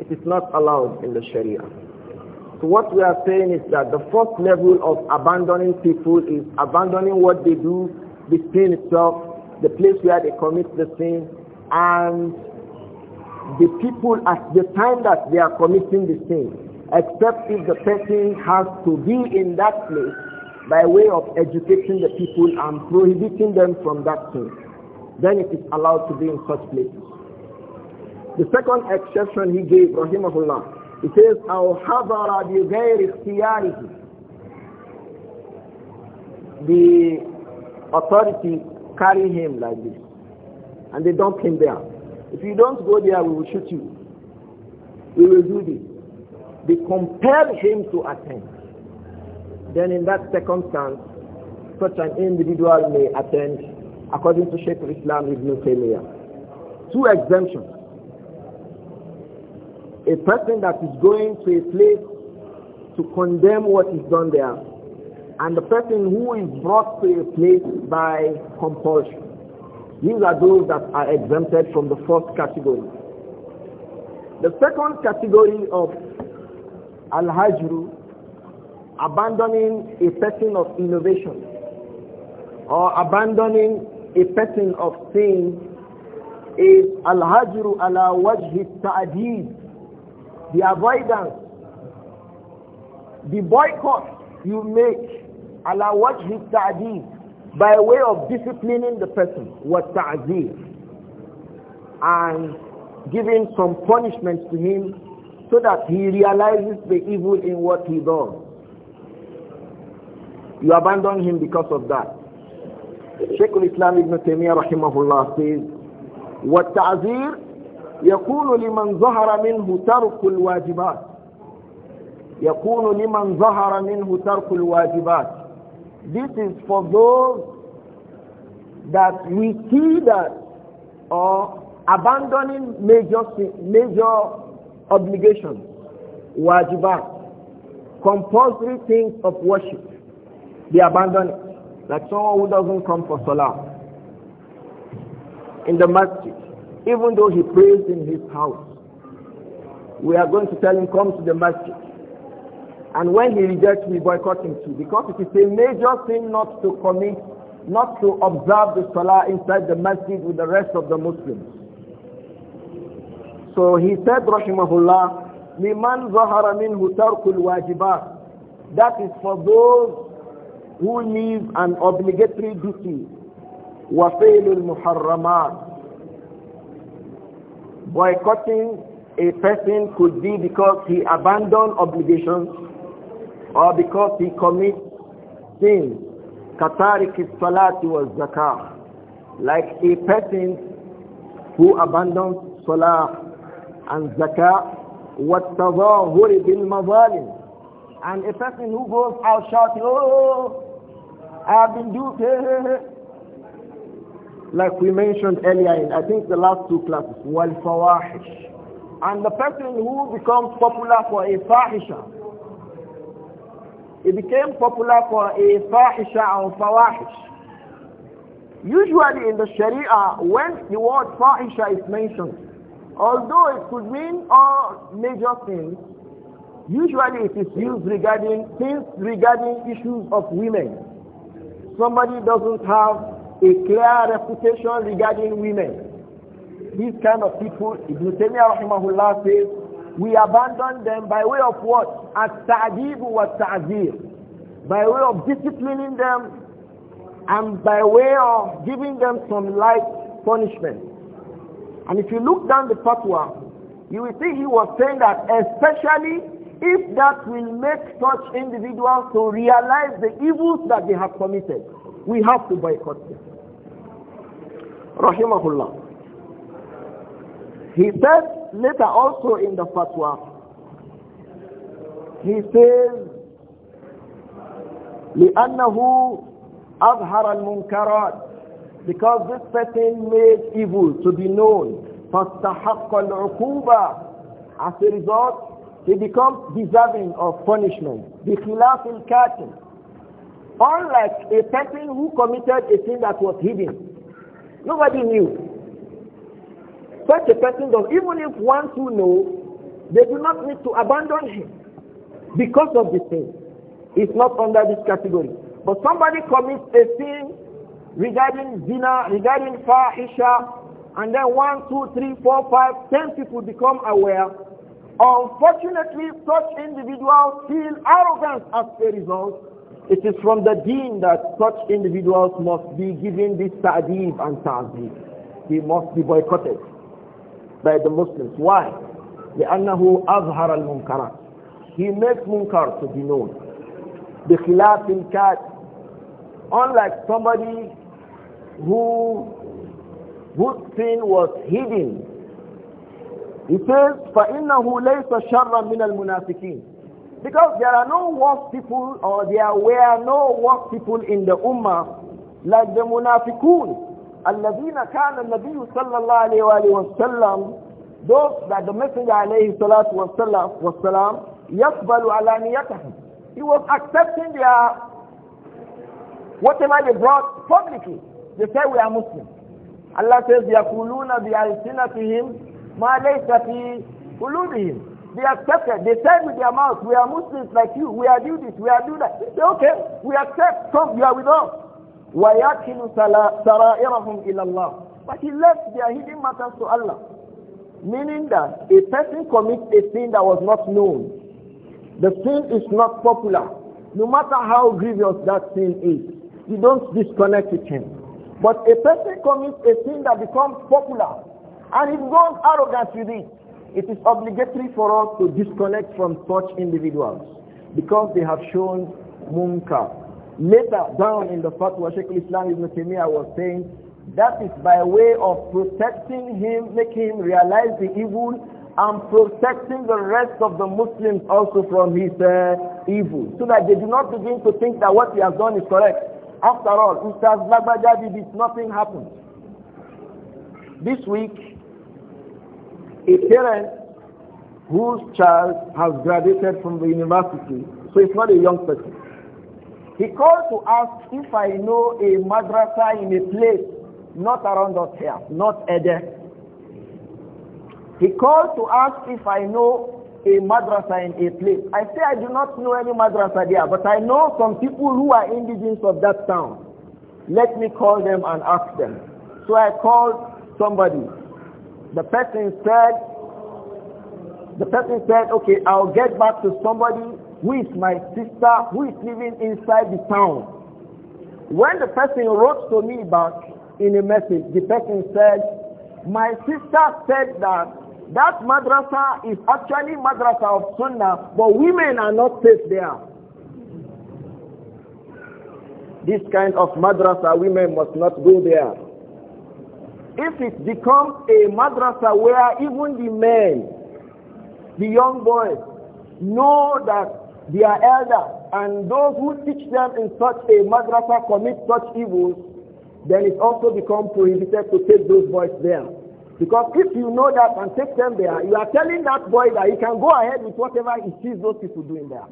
It is not allowed in the Sharia. So what we are saying is that the first level of abandoning people is abandoning what they do, the sin itself, the place where they commit the sin, and the people at the time that they are committing the sin, except if the person has to be in that place by way of educating the people and prohibiting them from that sin. Then it is allowed to be in such places. The second exception he gave, Rahimahullah, it says, أو حضر بغير اختياره. The authority carry him like this. And they dump him there. If you don't go there, we will shoot you. We will do this. They compel him to attend. Then in that circumstance, such an individual may attend according to Sheikh Islam Ibn Taymiyyah. Two exemptions a person that is going to a place to condemn what is done there and the person who is brought to a place by compulsion. These are those that are exempted from the first category. The second category of Al-Hajru, abandoning a person of innovation or abandoning a person of sin is Al-Hajru ala wajhi ta'adid the avoidance, the boycott you make, ala wajhi ta'deed, by way of disciplining the person, what ta'zeer, and giving some punishment to him so that he realizes the evil in what he does. You abandon him because of that. Sheikh al-Islam ibn Taymiyyah rahimahullah says, what ta'zeer يكون لمن ظهر منه ترك الواجبات يكون لمن ظهر منه ترك الواجبات This is for those that we see that or abandoning major major obligations, wajibat, compulsory things of worship. They abandon it. Like someone who doesn't come for salah in the masjid even though he prays in his house. We are going to tell him, come to the masjid. And when he rejects, we boycott him too. Because it is a major sin not to commit, not to observe the salah inside the masjid with the rest of the Muslims. So he said, Rahimahullah, لمن ظهر منه ترك الواجبات that is for those who leave an obligatory duty وفعل المحرمات boycotting a person could be because he abandoned obligations or because he commits sins. Katarik salati was zakah. Like a person who abandons salah and zakah, والتظاهر بالمظالم and a person who goes out shouting, oh, I've been duped, like we mentioned earlier in, I think, the last two classes, wal-fawahish. And the person who becomes popular for a fahisha, he became popular for a fahisha or fawahish. Usually in the Sharia, when the word fahisha is mentioned, although it could mean all major things, usually it is used regarding things regarding issues of women. Somebody doesn't have a clear reputation regarding women. These kind of people, Ibn Taymiyyah rahimahullah says, we abandon them by way of what? At-ta'dib wa ta'zir. By way of disciplining them and by way of giving them some light punishment. And if you look down the fatwa, you will see he was saying that especially if that will make such individuals to realize the evils that they have committed, we have to boycott them. Rahimahullah. He said later also in the fatwa, he says, لأنه أظهر المنكرات because this person made evil to be known فاستحق العقوبة as a result he becomes deserving of punishment بخلاف الكاتب unlike a person who committed a sin that was hidden Nobody knew. Such a person does, even if one two know, they do not need to abandon him because of the sin. It's not under this category. But somebody commits a sin regarding zina, regarding fahisha, and then one, two, three, four, five, ten people become aware. Unfortunately, such individuals feel arrogance as a result it is from the deen that such individuals must be given this ta'deeb and ta'zeeb. They must be boycotted by the Muslims. Why? لأنه أظهر المنكرات. He makes munkar to be known. بخلاف الكات Unlike somebody who whose sin was hidden. He says, فَإِنَّهُ لَيْسَ شَرًّا مِنَ الْمُنَافِقِينَ because there are no worse people or there were no worse people in the Ummah like the Munafiqun. الذين كان النبي صلى الله عليه وآله وسلم those that the messenger عليه الصلاة والسلام, والسلام يقبل علانيتهم he was accepting their whatever they brought publicly they say we are Muslim. Allah says يقولون بألسنتهم ما ليس في قلوبهم they accepted. They said with their mouth, we are Muslims like you. We are do this. We are do that. They say, okay, we accept. Come, you are with us. وَيَكِلُ سَرَائِرَهُمْ إِلَى اللَّهِ But he left their hidden matters to Allah. Meaning that a person commits a sin that was not known. The sin is not popular. No matter how grievous that sin is, you don't disconnect with him. But a person commits a sin that becomes popular and he goes arrogant with it it is obligatory for us to disconnect from such individuals because they have shown munkar. Later down in the fatwa, Sheikh Islam Ibn Taymiyyah was saying that is by way of protecting him, making him realize the evil and protecting the rest of the Muslims also from his uh, evil so that they do not begin to think that what he has done is correct. After all, Ustaz Lagbaja did it, nothing happened. This week, a parent whose child has graduated from the university, so it's not a young person. He called to ask if I know a madrasa in a place not around us here, not Ede. He called to ask if I know a madrasa in a place. I say I do not know any madrasa there, but I know some people who are indigents of that town. Let me call them and ask them. So I called somebody the person said, the person said, okay, I'll get back to somebody who is my sister, who is living inside the town. When the person wrote to me back in a message, the person said, my sister said that that madrasa is actually madrasa of sunnah, but women are not safe there. This kind of madrasa, women must not go there. If it becomes a madrasa where even the men, the young boys, know that their elders and those who teach them in such a madrasa commit such evils, then it also becomes prohibited to take those boys there. Because if you know that and take them there, you are telling that boy that he can go ahead with whatever he sees those people doing there.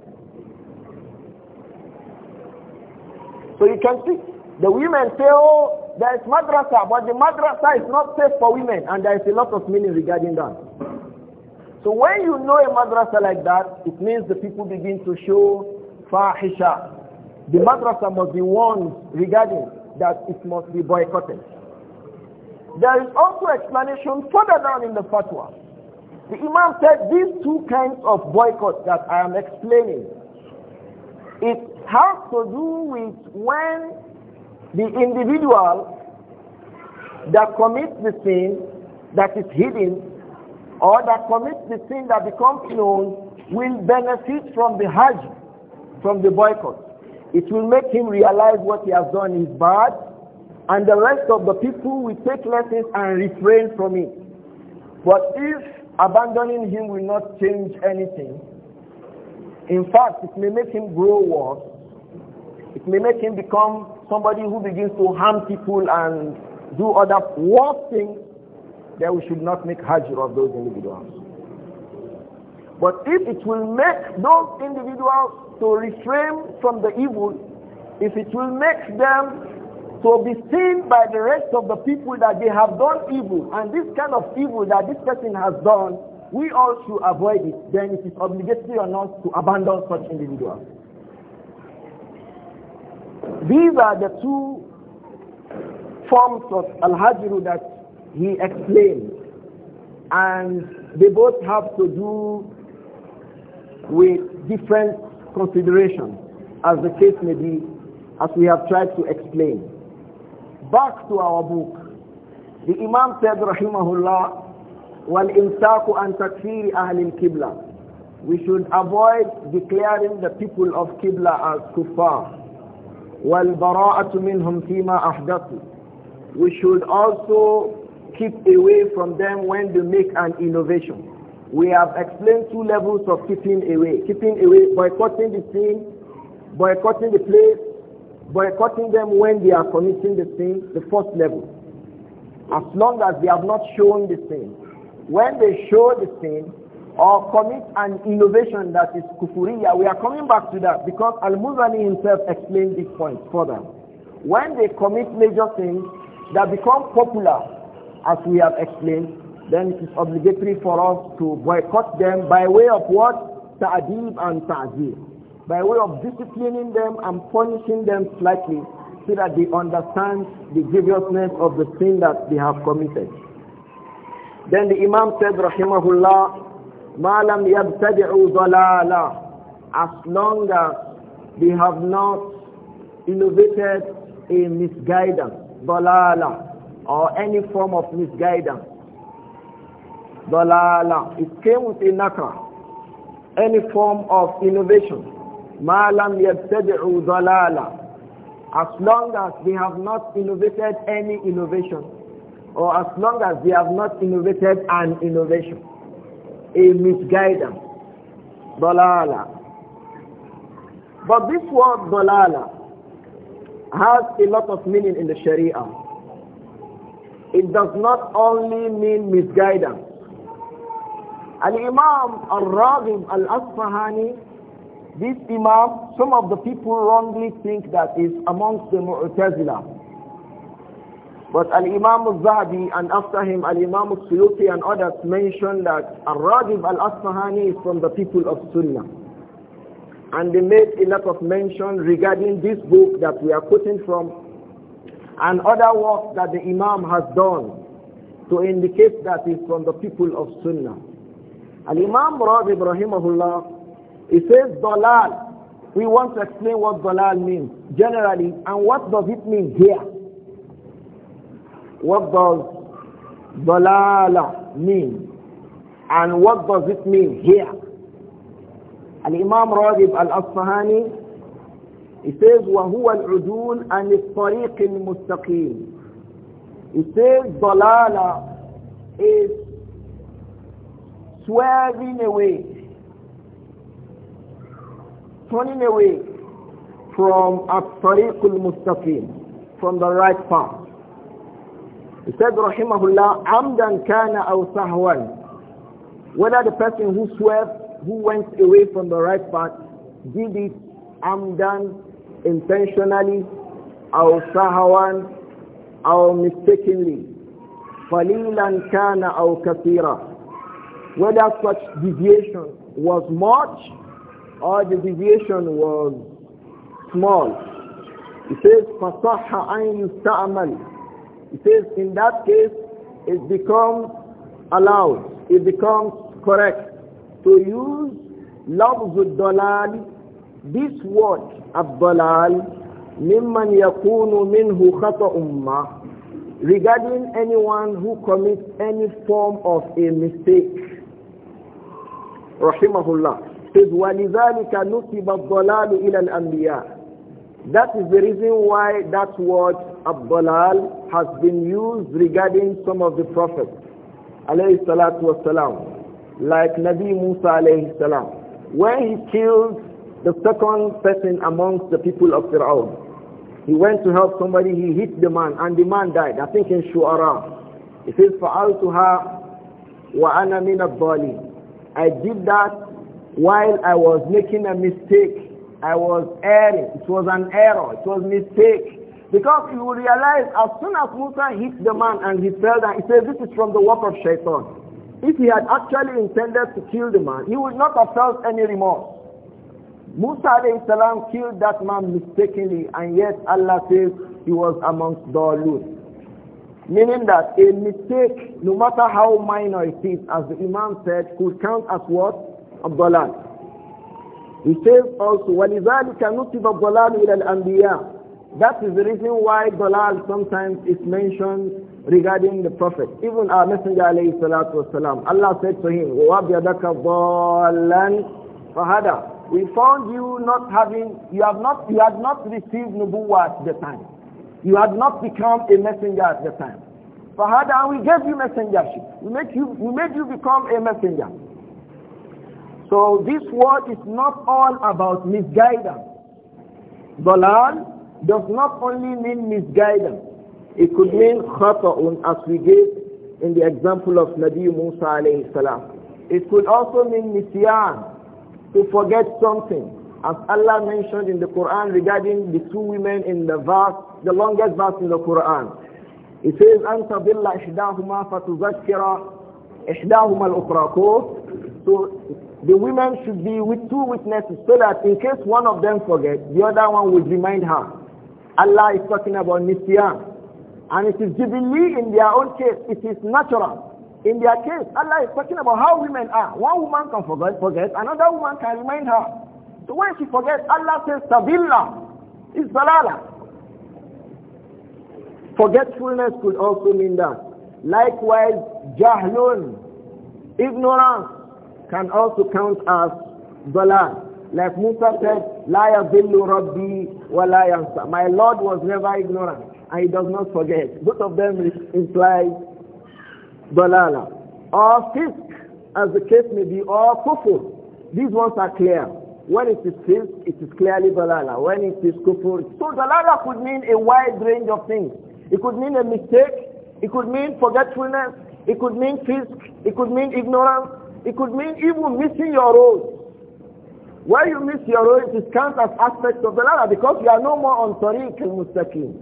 So you can see, the women say, oh, there is madrasa, but the madrasa is not safe for women, and there is a lot of meaning regarding that. So when you know a madrasa like that, it means the people begin to show fahisha. The madrasa must be warned regarding that it must be boycotted. There is also explanation further down in the fatwa. The Imam said these two kinds of boycott that I am explaining, it has to do with when the individual that commits the sin that is hidden or that commits the sin that becomes known will benefit from the hajj, from the boycott. It will make him realize what he has done is bad and the rest of the people will take lessons and refrain from it. But if abandoning him will not change anything, in fact, it may make him grow worse, it may make him become somebody who begins to harm people and do other worse things. Then we should not make hajj of those individuals. But if it will make those individuals to refrain from the evil, if it will make them to be seen by the rest of the people that they have done evil and this kind of evil that this person has done we all should avoid it then it is obligatory on us to abandon such individuals these are the two forms of Al-Hajru that he explained. And they both have to do with different considerations, as the case may be, as we have tried to explain. Back to our book. The Imam said, Rahimahullah, وَالْإِمْسَاكُ أَنْ تَكْفِيرِ أَهْلِ الْكِبْلَةِ We should avoid declaring the people of Qibla as kuffar وَالْبَرَاءَةُ مِنْهُمْ فِيمَا أَحْدَثُوا We should also keep away from them when they make an innovation. We have explained two levels of keeping away. Keeping away, boycotting the sin, boycotting the place, boycotting them when they are committing the sin, the first level. As long as they have not shown the sin. When they show the sin, or commit an innovation that is kufuriya. We are coming back to that because Al-Muzani himself explained this point further. When they commit major things that become popular, as we have explained, then it is obligatory for us to boycott them by way of what? Ta'adib and ta'zir. By way of disciplining them and punishing them slightly so that they understand the grievousness of the sin that they have committed. Then the Imam said, Rahimahullah, Malam yabtadi'u dalala. As long as they have not innovated a misguidance, dalala, or any form of misguidance. Dalala. It came with a Any form of innovation. Malam yabtadi'u dalala. As long as they have not innovated any innovation, or as long as they have not innovated an innovation a misguidance. balala. But this word balala has a lot of meaning in the Sharia. It does not only mean misguidance. Al-Imam Al-Raghib Al-Asfahani, this Imam, some of the people wrongly think that is amongst the Mu'tazila. But Al-Imam al-Zahabi and after him Al-Imam al-Suyuti and others mentioned that Al-Rajib al-Asfahani is from the people of Sunnah. And they made a lot of mention regarding this book that we are quoting from and other work that the Imam has done to indicate that he's from the people of Sunnah. Al-Imam Rabi Ibrahimahullah, he says Dalal. We want to explain what Dalal means generally and what does it mean here. What does dalala mean? And what does it mean here? Al-Imam Radib al-Asfahani he says وهو العدول عن الطريق المستقيم He says dalala is swerving away turning away from الطريق المستقيم from the right path it said, Rahimahullah, Amdan kana aw sahwan. Whether the person who swerved, who went away from the right path, did it Amdan intentionally, aw sahwan, aw mistakenly. Qalilan kana aw kathira. Whether such deviation was much or the deviation was small. It says, فَصَحَّ أَن it says in that case, it becomes allowed, it becomes correct to use lafzul dalal, this word abdalal, ممن يكون منه خطأ ما regarding anyone who commits any form of a mistake. Rahimahullah says, وَلِذَلِكَ نُكِبَ الضَّلَالُ إِلَى الْأَنْبِيَاءِ That is the reason why that word Abdalal has been used regarding some of the prophets, alayhi salatu wasalam, like Nabi Musa alayhi salam, when he killed the second person amongst the people of Fir'aun. He went to help somebody, he hit the man, and the man died. I think in Shu'ara. He says, wa ana mina الظَّالِمِ I did that while I was making a mistake. I was erring. It was an error. It was mistake. Because he will realize as soon as Musa hit the man and he fell down, he says this is from the work of shaitan. If he had actually intended to kill the man, he would not have felt any remorse. Musa salam killed that man mistakenly and yet Allah says he was amongst Dalut. Meaning that a mistake, no matter how minor it is, as the Imam said, could count as what? Abdullah. He says also, وَلِذَلِكَ نُتِبَ الضَّلَالُ إِلَى الْأَنْبِيَاءِ that is the reason why Dalal sometimes is mentioned regarding the Prophet. Even our Messenger alayhi salatu wasalam, Allah said to him, وَابْيَدَكَ ضَالًا We found you not having, you have not, you had not received nubuwa at the time. You had not become a messenger at the time. Fahada, we gave you messengership. We made you, we made you become a messenger. So this word is not all about misguidance. Dalal does not only mean misguidance. It could mean khata'un as we gave in the example of Nabi Musa alayhi salam. It could also mean nisyan, to forget something. As Allah mentioned in the Quran regarding the two women in the verse, the longest verse in the Quran. It says, أَنْ تَضِلَّ إِحْدَاهُمَا فَتُذَكِّرَ إِحْدَاهُمَا الْأُخْرَى So the women should be with two witnesses so that in case one of them forgets, the other one will remind her. Allah is talking about Nisyan. And it is Jubilee in their own case. It is natural. In their case, Allah is talking about how women are. One woman can forget, forget. Another woman can remind her. So when she forgets, Allah says, Sabilla. is Balala. Forgetfulness could also mean that. Likewise, Jahlun, ignorance, can also count as Balala. Like Musa said, La yadillu rabbi wa la yansa. My Lord was never ignorant and he does not forget. Both of them imply balala. Or fisk, as the case may be, or kufur. These ones are clear. When it is fisk, it is clearly balala. When it is kufur. So balala could mean a wide range of things. It could mean a mistake. It could mean forgetfulness. It could mean fisk. It could mean ignorance. It could mean even missing your role. When you miss your own, it is counted as aspects of the ladder because you are no more on Tariq al-Mustaqim.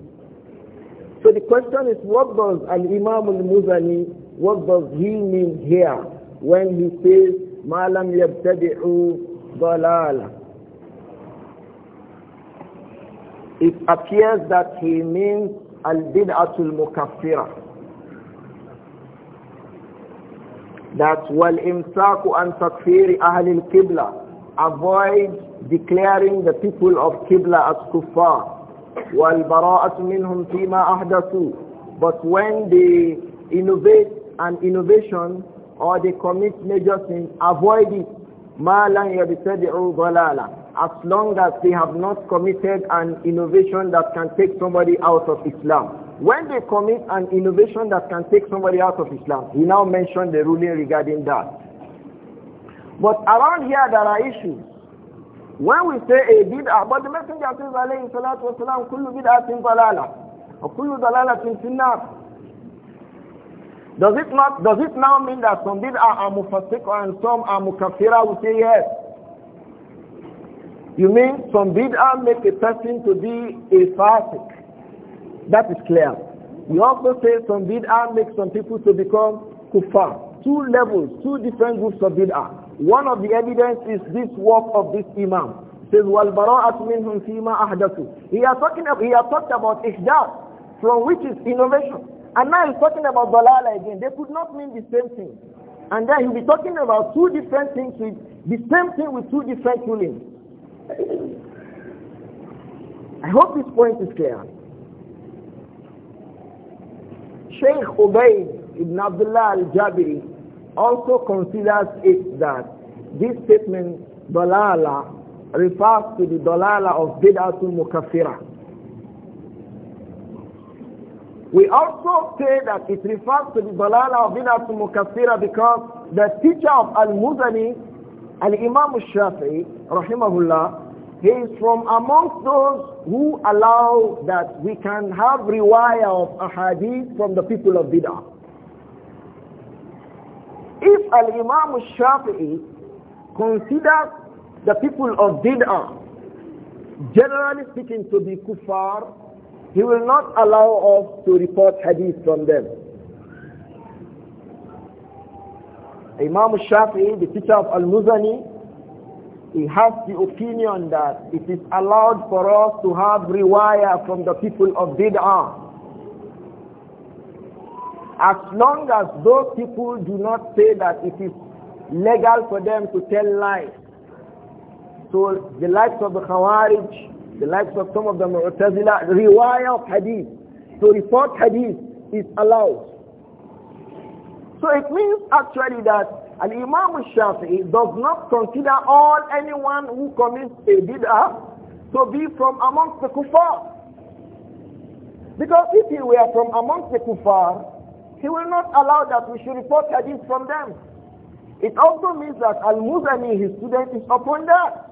So the question is, what does Al-Imam al-Muzani, what does he mean here when he says, مَا لَمْ يَبْتَدِعُوا ضَلَالًا It appears that he means al-bid'atul mukaffira. that wal imsaku an takfiri ahli al-qibla avoid declaring the people of Qibla as kuffar وَالْبَرَاءَةُ مِنْهُمْ فِي أَحْدَثُوا But when they innovate an innovation or they commit major sins, avoid it. مَا لَنْ يَبْتَدِعُوا As long as they have not committed an innovation that can take somebody out of Islam. When they commit an innovation that can take somebody out of Islam, he now mentioned the ruling regarding that. But around here there are issues. When we say a bid'ah, but the Messenger is Allah salatu wasalam, kullu bid'atin dalala, or kullu dalalatin finnar. Does it not, does it now mean that some bid'ah are mufassiqa and some are mukafira? We say yes. You mean some bid'ah make a person to be a fasik? That is clear. We also say some bid'ah make some people to become kuffar. Two levels, two different groups of bid'ah. One of the evidence is this work of this Imam. says, وَالْبَرَاءَةُ مِنْهُمْ فِي مَا He, are talking about, he are talked about ihdath, from which is innovation. And now he's talking about dalala again. They could not mean the same thing. And then he'll be talking about two different things with the same thing with two different rulings. I hope this point is clear. Sheikh Ubayd ibn Abdullah al-Jabiri also considers it that this statement, dalala, refers to the dalala of bid'atul mukaffirah. We also say that it refers to the Dalala of Bid'atul Mukaffira because the teacher of Al-Muzani, Al-Imam Shafi'i, rahimahullah, he is from amongst those who allow that we can have riwayah of ahadith from the people of Bid'ah. If Al-Imam Shafi'i considers the people of Bid'ah, generally speaking, to be kuffar, he will not allow us to report hadith from them. Imam Shafi'i, the teacher of Al-Muzani, he has the opinion that it is allowed for us to have riwayah from the people of Bid'ah. As long as those people do not say that it is legal for them to tell lies. So the likes of the Khawarij, the likes of some of the Mu'tazila, rewire of hadith, to report hadith is allowed. So it means actually that an Imam Shafi'i does not consider all anyone who commits a bid'ah to be from amongst the kuffar. Because if he were from amongst the kuffar, he will not allow that we should report hadith from them. It also means that Al-Muzani, his student, is upon that.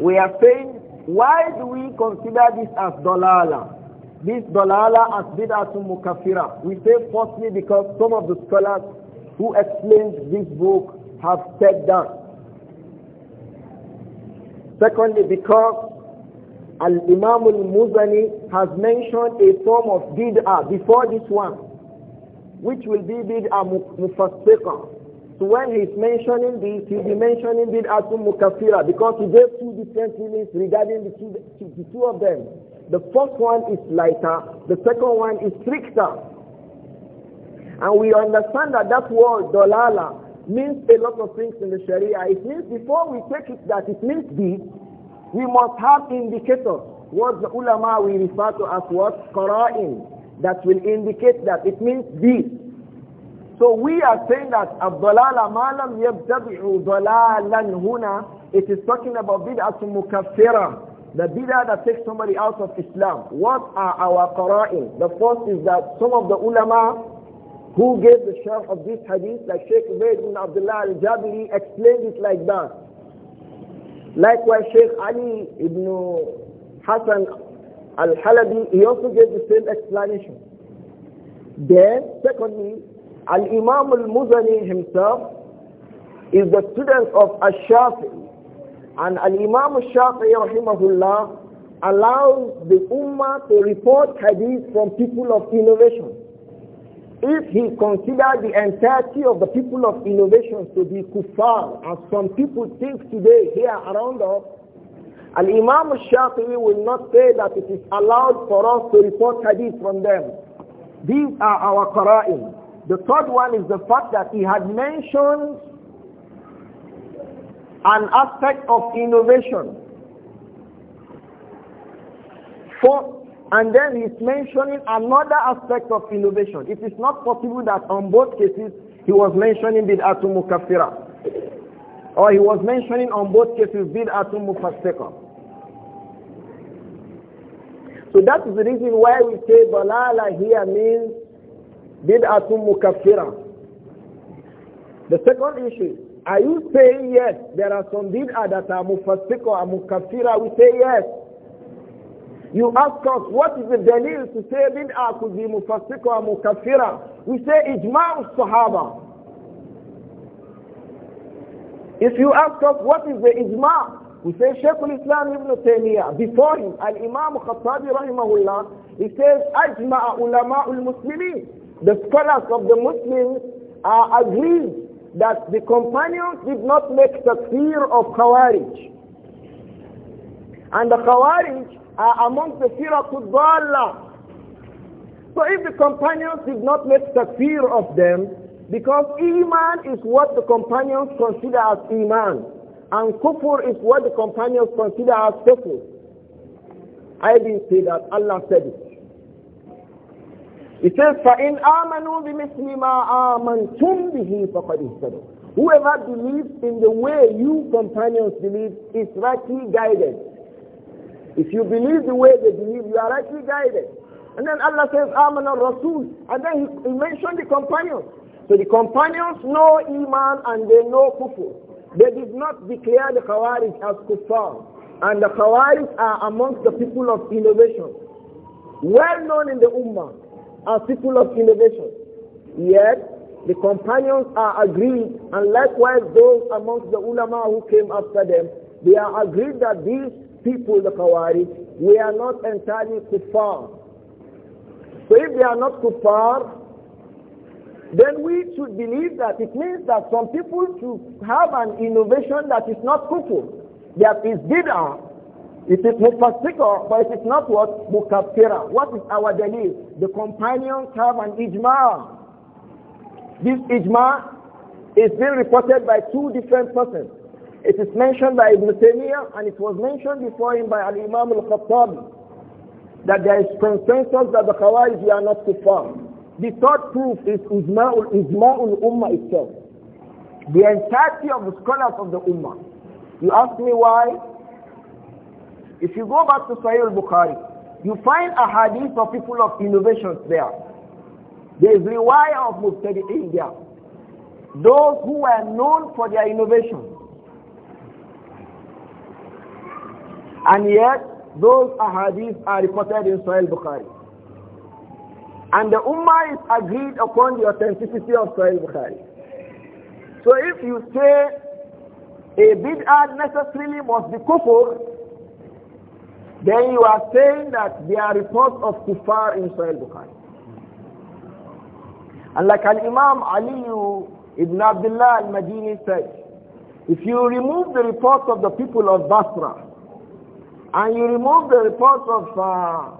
We are saying, why do we consider this as dalala? This dalala as bid'atun mukaffira. We say firstly because some of the scholars who explained this book have said that. Secondly, because Al-Imam al-Muzani has mentioned a form of bid'ah before this one, which will be bid'ah mufassiqah. So when he's mentioning this, he'll be mentioning bid'ah mukaffira because he gave two different meanings regarding the two, the two of them. The first one is lighter, the second one is stricter. And we understand that that word, dolala, means a lot of things in the Sharia. It means before we take it that it means this, we must have indicators, what the ulama we refer to as what? Qara'in, that will indicate that it means this. So we are saying that Abdalala Malam Yabtabi'u Dalalan Huna, it is talking about bid'at mukaffira, the bid'ah that takes somebody out of Islam. What are our qara'in? The first is that some of the ulama who gave the sharh of this hadith, like Sheikh Ubaid ibn Abdullah al-Jabiri, explained it like that. Likewise, Sheikh Ali ibn Hassan al-Halabi, he also gave the same explanation. Then, secondly, Al-Imam al-Muzani himself is the student of Ash-Shafi'i. And Al-Imam al-Shafi'i, rahimahullah, allows the Ummah to report hadith from people of innovation if he considered the entirety of the people of innovations to be kuffar, as some people think today here around us, Al Imam Shafi'i will not say that it is allowed for us to report hadith from them. These are our quran. The third one is the fact that he had mentioned an aspect of innovation. Fourth, and then he's mentioning another aspect of innovation. It is not possible that on both cases he was mentioning bid'atu mukaffira. Or he was mentioning on both cases bid'atu mufassiqa. So that is the reason why we say balala here means bid'atu mukaffira. The second issue, are you saying yes, there are some bid'ah that are mufassiqa and mukaffira? We say yes. You ask us, what is the dalil to say bid'ah could be mufassiqa or mukaffira? We say ijma'u sahaba. If you ask us, what is the ijma? We say Shaykh al-Islam ibn Taymiyyah. Before him, al-Imam Khattabi rahimahullah, he says, ajma'a ulama al-muslimin. The scholars of the Muslims are agreed that the companions did not make takfir of Khawarij. And the Khawarij are amongst the Siratul Dalla. So if the companions did not make takfir of them, because Iman is what the companions consider as Iman, and Kufr is what the companions consider as Kufr. I didn't say that, Allah said it. It says, فَإِنْ آمَنُوا بِمِثْلِ مَا آمَنْتُمْ بِهِ فَقَدْ اِهْتَدُوا Whoever believes in the way you companions believe is rightly guided. If you believe the way they believe, you are rightly guided. And then Allah says, Aman al-Rasul. And then he, he mentioned the companions. So the companions know Iman and they know Kufr. They did not declare the Khawarij as Kuffar. And the Khawarij are amongst the people of innovation. Well known in the Ummah as people of innovation. Yet, the companions are agreed, and likewise those amongst the ulama who came after them, they are agreed that these people, the Khawarij, we are not entirely kuffar. So if they are not kuffar, then we should believe that it means that some people should have an innovation that is not kufur. That is bid'ah. It is mufassiqah, but it is not what? Mukaffira. What is our belief? The companions have an ijma. This ijma is being reported by two different persons. It is mentioned by Ibn Taymiyyah and it was mentioned before him by Al-Imam Al-Khattabi that there is consensus that the Khawarij are not kuffar. The third proof is Ijma'ul Ijma'ul Ummah itself. The entirety of the scholars of the Ummah. You ask me why? If you go back to Sahih al-Bukhari, you find a hadith of people of innovations there. There is riwayah of Mustadi India, Those who were known for their innovations. And yet, those ahadith are reported in Sahih Bukhari. And the Ummah is agreed upon the authenticity of Sahih Bukhari. So if you say a bid'ah necessarily must be kufur, then you are saying that there are reports of kufar in Sahih Bukhari. And like Al-Imam Ali ibn Abdullah al-Madini said, if you remove the reports of the people of Basra, and you remove the reports of uh,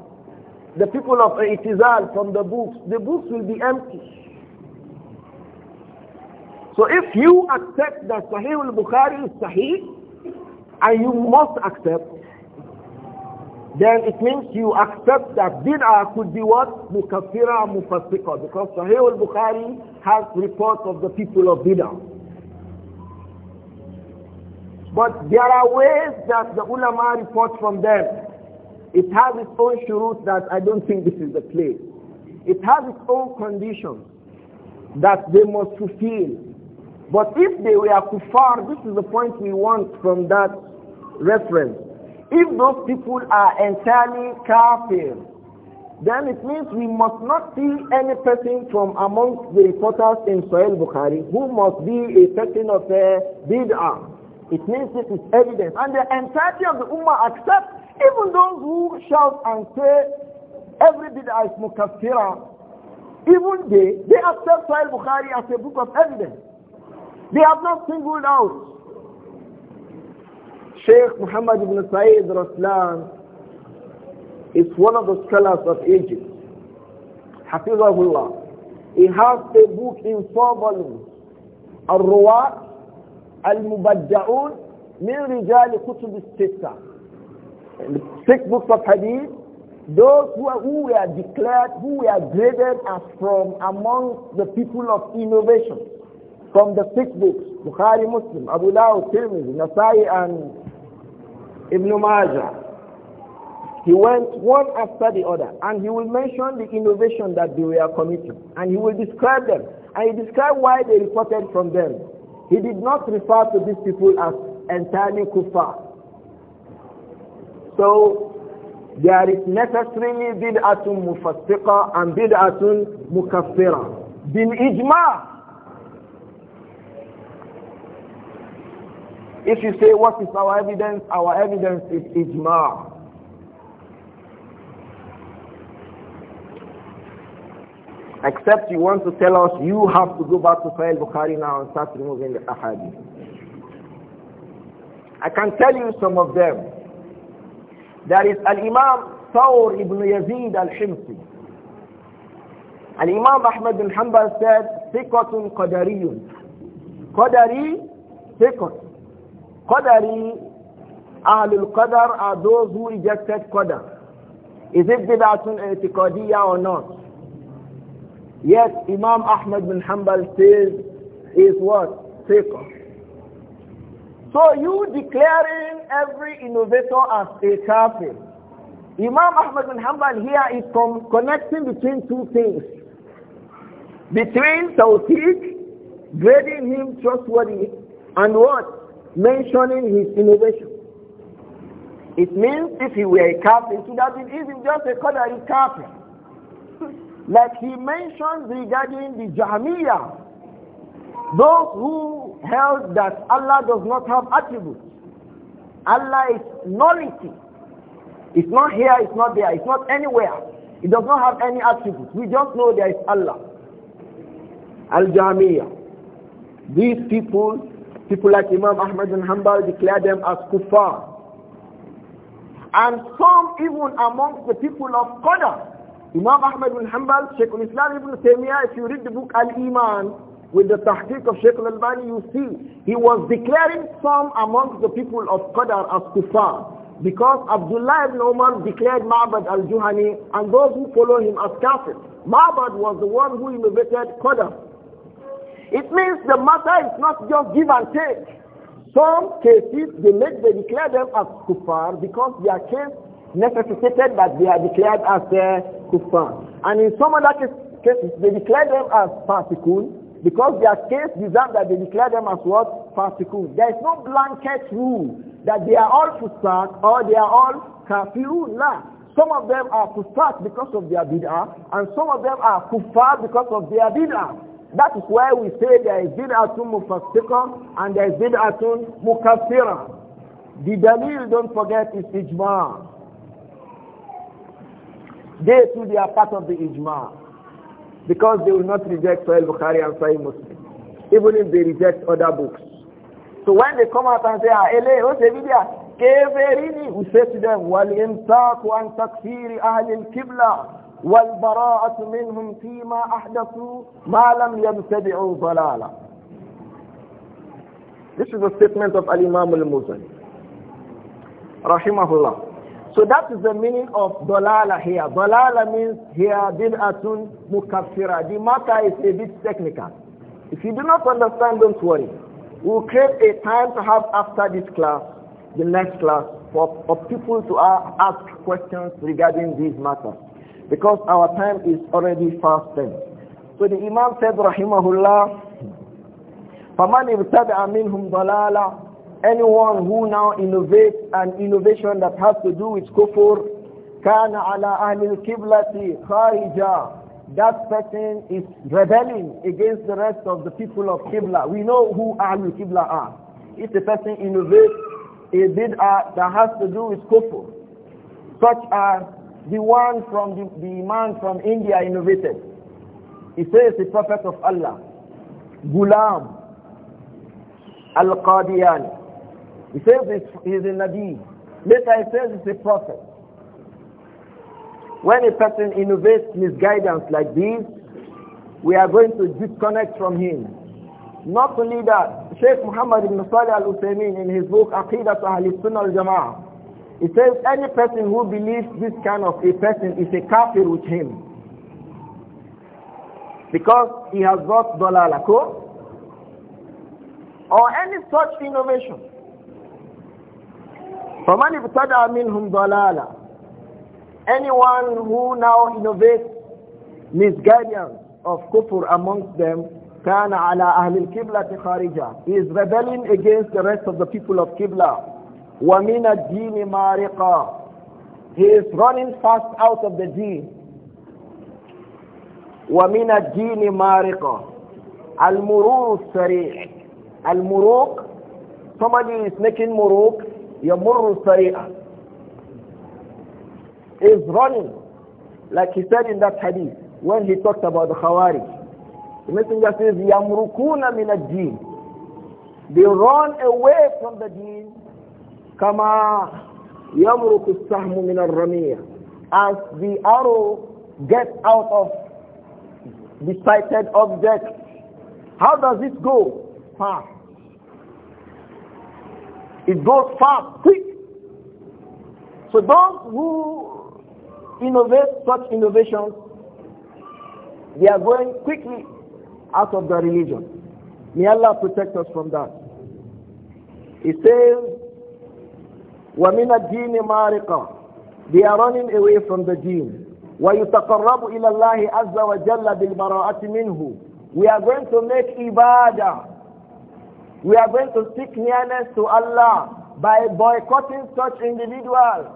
the people of Itizal from the books, the books will be empty. So if you accept that Sahih al-Bukhari is Sahih, and you must accept, then it means you accept that bid'ah could be what? Mukaffira mufassiqa. Because Sahih al-Bukhari has reports of the people of bid'ah. But there are ways that the ulama report from them. It has its own shurut that I don't think this is the place. It has its own conditions that they must fulfill. But if they were kuffar, this is the point we want from that reference. If those people are entirely kafir, then it means we must not see any person from amongst the reporters in Sahih Bukhari who must be a person of a bid'ah. It means it is evidence. And the entirety of the Ummah accepts, even those who shout and say every bid'ah is mukaffirah, even they, they accept Sahih Bukhari as a book of evidence. They have not singled out Sheikh Muhammad ibn Sa'id Raslan is one of the scholars of Egypt. Hafizahullah. He has a book in four volumes, Al-Ruwat المبدعون من رجال كتب الستة six books of hadith those who, are, who were declared who were graded as from among the people of innovation from the six books Bukhari Muslim Abu Dawud Tirmidhi Nasai and Ibn Majah he went one after the other and he will mention the innovation that they were committing and he will describe them and he describe why they reported from them he did not refer to these people as entirely kuffar. So there is necessarily bid'atun mufassiqa and bid'atun mukaffira. Bin ijma. If you say what is our evidence, our evidence is ijma. Except you want to tell us you have to go back to Sahih Bukhari now and start removing the ahadith. I can tell you some of them. There is Al-Imam Thawr ibn Yazid al-Himsi. Al-Imam Ahmad bin Hanbal said, Thiqatun Qadariyun. Qadari, Thiqat. Qadari, Ahlul Qadar are those who rejected Qadar. Is it bid'atun i'tiqadiyya or not? Yet Imam Ahmad bin Hanbal says is what? Fiqh. So you declaring every innovator as a kafir. Imam Ahmad bin Hanbal here is connecting between two things. Between Tawfiq, grading him trustworthy, and what? Mentioning his innovation. It means if he were a kafir, it would have been even just a Qadari kafir. Like he mentions regarding the Jahmiya, those who held that Allah does not have attributes. Allah is nullity. It's not here, it's not there, it's not anywhere. It does not have any attributes. We just know there is Allah. al Jahmiya. These people, people like Imam Ahmad and Hanbal declare them as kuffar. And some even amongst the people of Qadr Imam Ahmed bin Hanbal, Sheikh al-Islam ibn Taymiyyah, if you read the book Al-Iman with the tahqiq of Sheikh al-Albani, you see he was declaring some amongst the people of Qadar as kuffar because Abdullah ibn Umar declared Ma'bad al-Juhani and those who follow him as kafir. Ma'bad was the one who innovated Qadar. It means the matter is not just give and take. Some cases, they make they declare them as kuffar because their case necessitated that they are declared as uh, and in some other cases, they declare them as fasikun because their case deserves that they declare them as what? Fasikun. There is no blanket rule that they are all fusaq or they are all kafirun. Some of them are fusaq because of their bid'ah and some of them are kufar because of their bid'ah. That is why we say there is bid'atun mufassiqa and there is bid'atun mukafirun. The dalil, don't forget, is ijma'. They too, they are part of the ijma. Because they will not reject Sahih Bukhari and Sahih Muslim. Even if they reject other books. So when they come out and say, ah, ele, what's oh, the video? Keverini, we say to them, وَالْإِمْسَاكُ عَنْ تَكْفِيرِ أَهْلِ الْكِبْلَةِ والبراءة منهم فيما أحدثوا ما لم يبتدعوا ضلالا This is a statement of Al-Imam al-Muzani. Rahimahullah. So that is the meaning of dalala here. Dalala means here bid'atun mukaffira. The matter is a bit technical. If you do not understand, don't worry. We'll create a time to have after this class, the next class, for, for people to ask questions regarding these matters. Because our time is already fast So the Imam said, Rahimahullah, فَمَنْ ابْتَدْعَ مِنْهُمْ ضَلَالًا anyone who now innovates an innovation that has to do with kufur kana على أهل kiblati خارجا that person is rebelling against the rest of the people of Qibla. We know who Ahlul kibla are. If the person innovates a bid'ah that has to do with kufur, such as the one from the, the man from India innovated. He says the Prophet of Allah, Ghulam al-Qadiyani. He says he is a Nabi. Later he says he's a prophet. When a person innovates his guidance like this, we are going to disconnect from him. Not only that, Sheikh Muhammad ibn Salih al-Uthaymeen in his book Aqidat al Sunnah al-Jama'ah, he says any person who believes this kind of a person is a kafir with him. Because he has got dalalako or any such innovation. فَمَنْ ابْتَدَى مِنْهُمْ ضَلَالًا Anyone who now innovates misguidance of kufr amongst them, كَانَ عَلَى أَهْلِ الْكِبْلَةِ خَارِجًا He is rebelling against the rest of the people of Qibla. وَمِنَ الدِّينِ مَارِقًا He is running fast out of the deen. ومن الدين مارقا المرور السريع المروق somebody is making muruq يمر سريعا is running like he said in that hadith when he talked about the Khawarij the messenger says يمركون mina الدين they run away from the deen كما يمرك السهم mina ramia. as the arrow gets out of the sighted object how does it go fast it goes fast, quick. So those who innovate such innovations, they are going quickly out of the religion. May Allah protect us from that. He says, وَمِنَ الدِّينِ مَارِقًا They are running away from the deen. وَيُتَقَرَّبُ إِلَى اللَّهِ عَزَّ وَجَلَّ بِالْبَرَاءَةِ مِنْهُ We are going to make ibadah we are going to seek nearness to Allah by boycotting such individuals.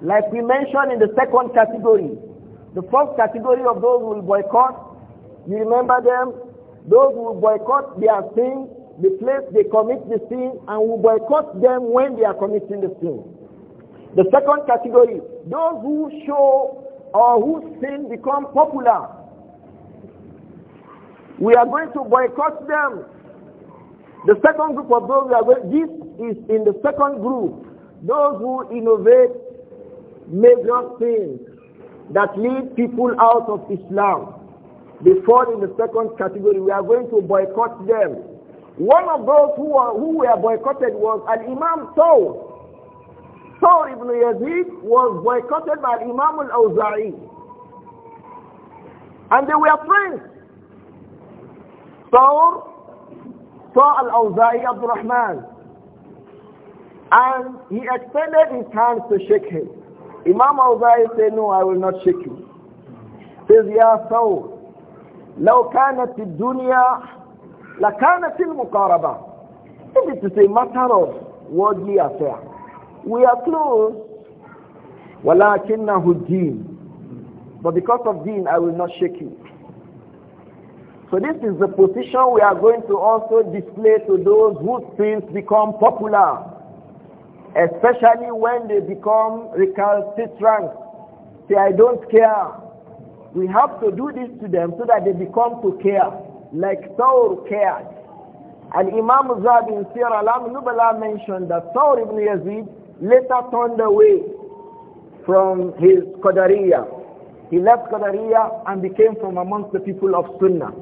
Like we mentioned in the second category, the first category of those who will boycott, you remember them? Those who boycott their sin, the place they commit the sin, and who boycott them when they are committing the sin. The second category, those who show or whose sin become popular. We are going to boycott them the second group of those who are going, this is in the second group, those who innovate major things that lead people out of Islam. They fall in the second category. We are going to boycott them. One of those who, are, who were boycotted was an Imam Saul. Saul ibn Yazid was boycotted by Imam al-Awza'i. And they were friends. Saul عطاء الأوزاعي عبد الرحمن And he extended his hand to shake him. Imam Awza'i said, no, I will not shake you. says, Ya Saul, لو كانت الدنيا لكانت المقاربة. If it is to say, matter of worldly affair, we are close. ولكنه الدين. But because of deen, I will not shake you. So this is the position we are going to also display to those whose sins become popular, especially when they become recalcitrant. Say, I don't care. We have to do this to them so that they become to care, like Saur cared. And Imam Zab in Sirah al-Nubala mentioned that Saur ibn Yazid later turned away from his Qadariya. He left Qadariya and became from amongst the people of Sunnah.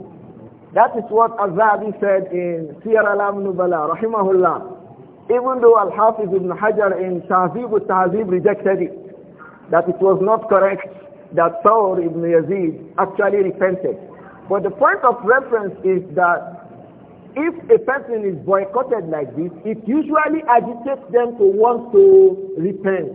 That is what Azadi said in Sir Alam Nubala, rahimahullah. Even though Al-Hafiz ibn Hajar in Tahzib al-Tahzib rejected it, that it was not correct that Thawr ibn Yazid actually repented. But the point of reference is that if a person is boycotted like this, it usually agitates them to want to repent,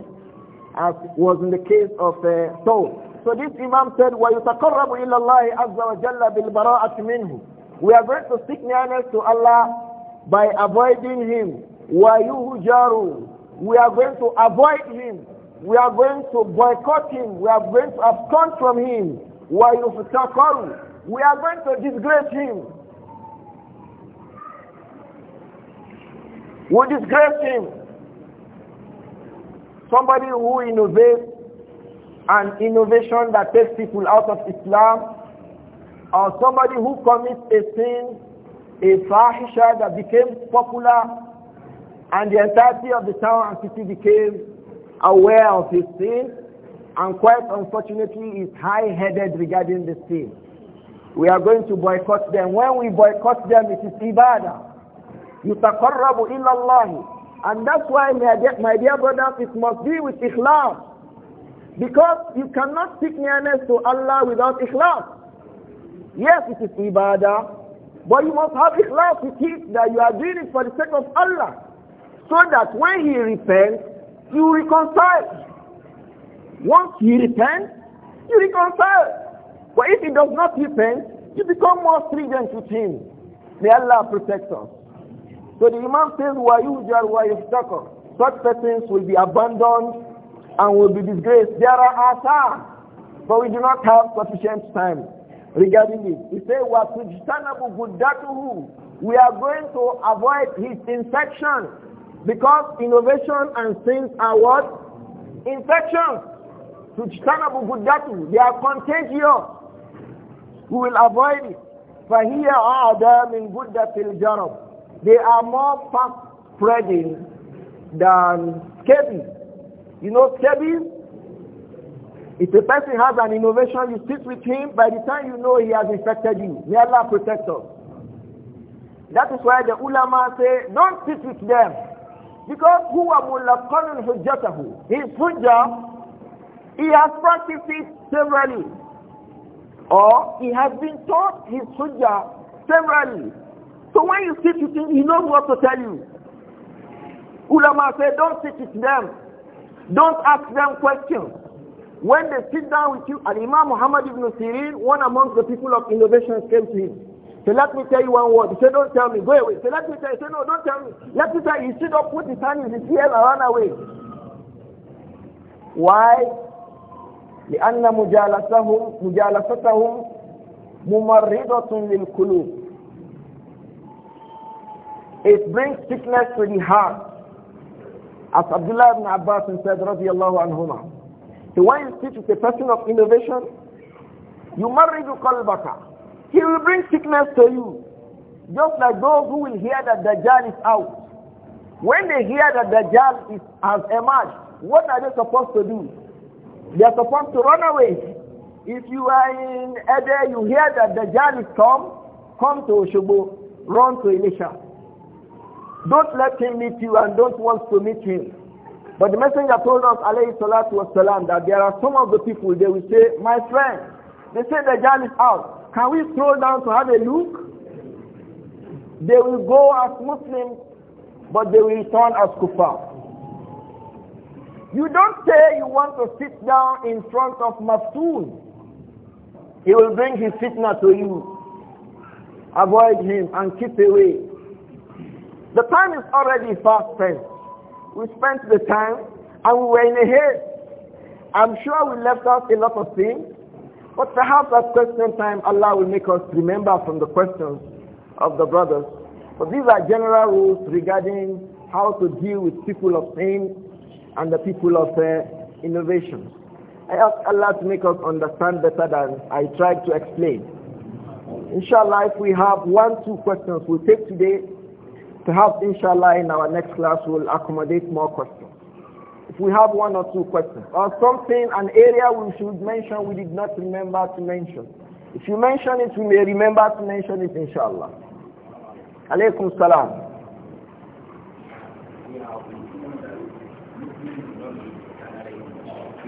as was in the case of uh, Thawr. So this Imam said, وَيُتَقَرَّبُ إِلَى اللَّهِ عَزَّ وَجَلَّ بِالْبَرَاءَةِ مِنْهُ We are going to seek nearness to Allah by avoiding Him. وَيُهُجَارُ We are going to avoid Him. We are going to boycott Him. We are going to abstain from Him. وَيُفْتَقَرُ We are going to disgrace Him. We disgrace Him. Somebody who innovates an innovation that takes people out of Islam, or somebody who commits a sin, a fahisha that became popular, and the entirety of the town and city became aware of his sin, and quite unfortunately is high-headed regarding the sin. We are going to boycott them. When we boycott them, it is ibadah. يتقرب إلى الله. And that's why, my dear, my dear brothers, it must be with ikhlas. Because you cannot seek nearness to Allah without ikhlas. Yes, it is ibadah, but you must have ikhlas to keep that you are doing it for the sake of Allah. So that when he repents, you reconcile. Once he repents, you reconcile. But if he does not repent, you become more stringent with him. May Allah protect us. So the Imam says, وَيُجَرْ وَيُفْتَقَرْ Such persons will be abandoned and will be disgraced. There are asar, but we do not have sufficient time regarding it. He say, We are going to avoid his infection because innovation and sins are what? infection. تُجْتَنَبُ غُدَّتُهُ They are contagious. We will avoid it. here are مِنْ غُدَّةِ الْجَرَبِ They are more fast spreading than scabies. You know, cabin, if a person has an innovation, you sit with him, by the time you know he has infected you. May Allah protect us. That is why the ulama say, don't sit with them. Because who are mulaqanul hujjatahu? His hujjah, he has practiced it severally. Or he has been taught his hujjah severally. So when you sit with him, he knows what to tell you. Ulama say, don't sit with them. Don't ask them questions. When they sit down with you, and Imam Muhammad ibn Sirin, one amongst the people of innovations, came to him. So let me tell you one word. He said, don't tell me. Go away. So let me tell you. He said, no, don't tell me. Let me tell you. He stood up, put his hand in his ear and ran away. Why? لأن مجالسهم مجالستهم ممرضة للقلوب. It brings sickness to the heart. As Abdullah ibn Abbas said, radiallahu anhuma, The when you sit with a person of innovation, you marry the qalbaka. He will bring sickness to you. Just like those who will hear that Dajjal is out. When they hear that Dajjal is, has emerged, what are they supposed to do? They are supposed to run away. If you are in Ede, you hear that Dajjal is come, come to Oshobo, run to Elisha. Don't let him meet you and don't want to meet him. But the messenger told us, alayhi salatu wasalam, that there are some of the people, they will say, my friend, they say the Dajjal is out. Can we stroll down to have a look? They will go as Muslims, but they will return as kuffar. You don't say you want to sit down in front of Maftoon. He will bring his fitna to you. Avoid him and keep away. The time is already fast spent. We spent the time and we were in a hurry. I'm sure we left out a lot of things, but perhaps at question time Allah will make us remember from the questions of the brothers. But these are general rules regarding how to deal with people of sin and the people of uh, innovation. I ask Allah to make us understand better than I tried to explain. Inshallah, if we have one, two questions, we'll take today Perhaps, inshallah, in our next class, we'll accommodate more questions. If we have one or two questions, or something, an area we should mention we did not remember to mention. If you mention it, we may remember to mention it, inshallah. Alaykum salam.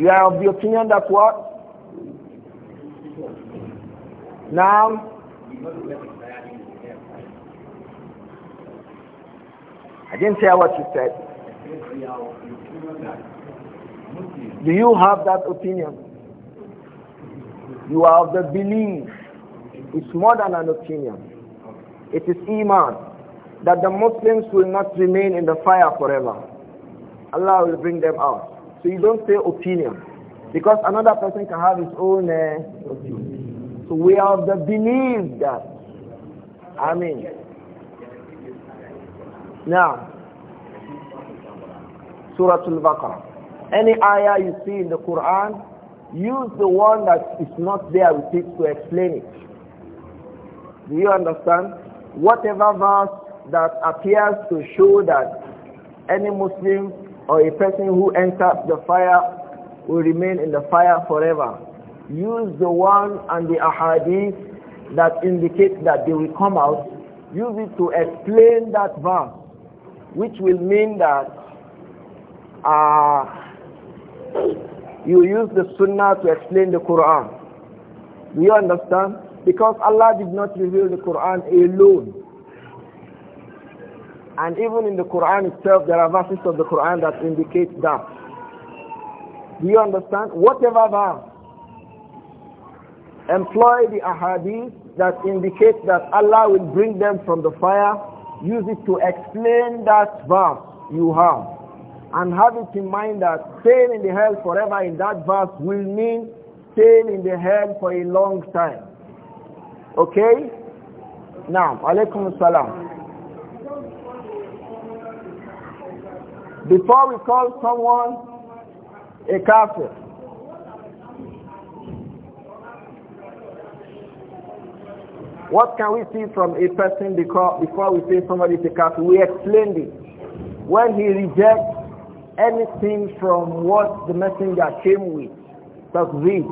You are of the opinion that what? Now, I didn't hear what you said. Do you have that opinion? You are of the belief. It's more than an opinion. It is Iman that the Muslims will not remain in the fire forever. Allah will bring them out. So you don't say opinion. Because another person can have his own uh, opinion. So we are of the belief that. I mean. Now, Surah Al-Baqarah. Any ayah you see in the Quran, use the one that is not there with it to explain it. Do you understand? Whatever verse that appears to show that any Muslim or a person who enters the fire will remain in the fire forever. Use the one and the ahadith that indicate that they will come out. Use it to explain that verse which will mean that uh, you use the Sunnah to explain the Quran. Do you understand? Because Allah did not reveal the Quran alone. And even in the Quran itself, there are verses of the Quran that indicate that. Do you understand? Whatever verse, employ the ahadith that indicate that Allah will bring them from the fire use it to explain that verse you have and have it in mind that staying in the hell forever in that verse will mean staying in the hell for a long time. Okay? Now, alaykum salam. Before we call someone a kafir, What can we see from a person because, before we say somebody is a kafir? We explained it. When he rejects anything from what the messenger came with, tazweed.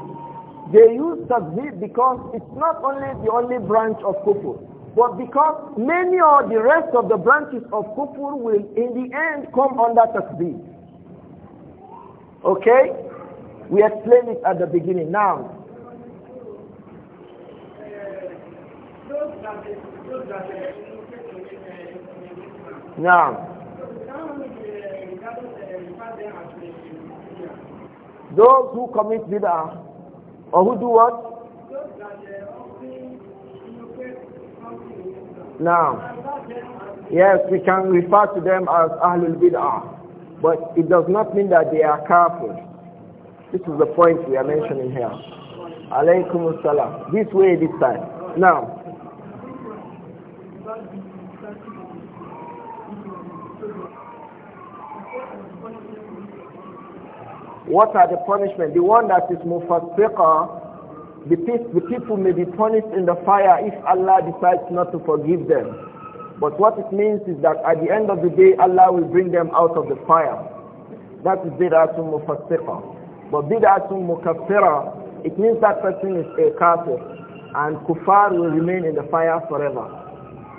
They use tazweed because it's not only the only branch of kufur, but because many or the rest of the branches of kufur will in the end come under tazweed. Okay? We explained it at the beginning. Now, Naam. Those who commit bid'ah or who do what? Now, yes, we can refer to them as Ahlul Bid'ah, but it does not mean that they are careful. This is the point we are mentioning here. Alaykum as This way, this time. Now, What are the punishment? The one that is mufassiqa, the, the people may be punished in the fire if Allah decides not to forgive them. But what it means is that at the end of the day, Allah will bring them out of the fire. That is bid'atun mufassiqa. But bid'atun mukaffira, it means that person is a kafir. And kufar will remain in the fire forever.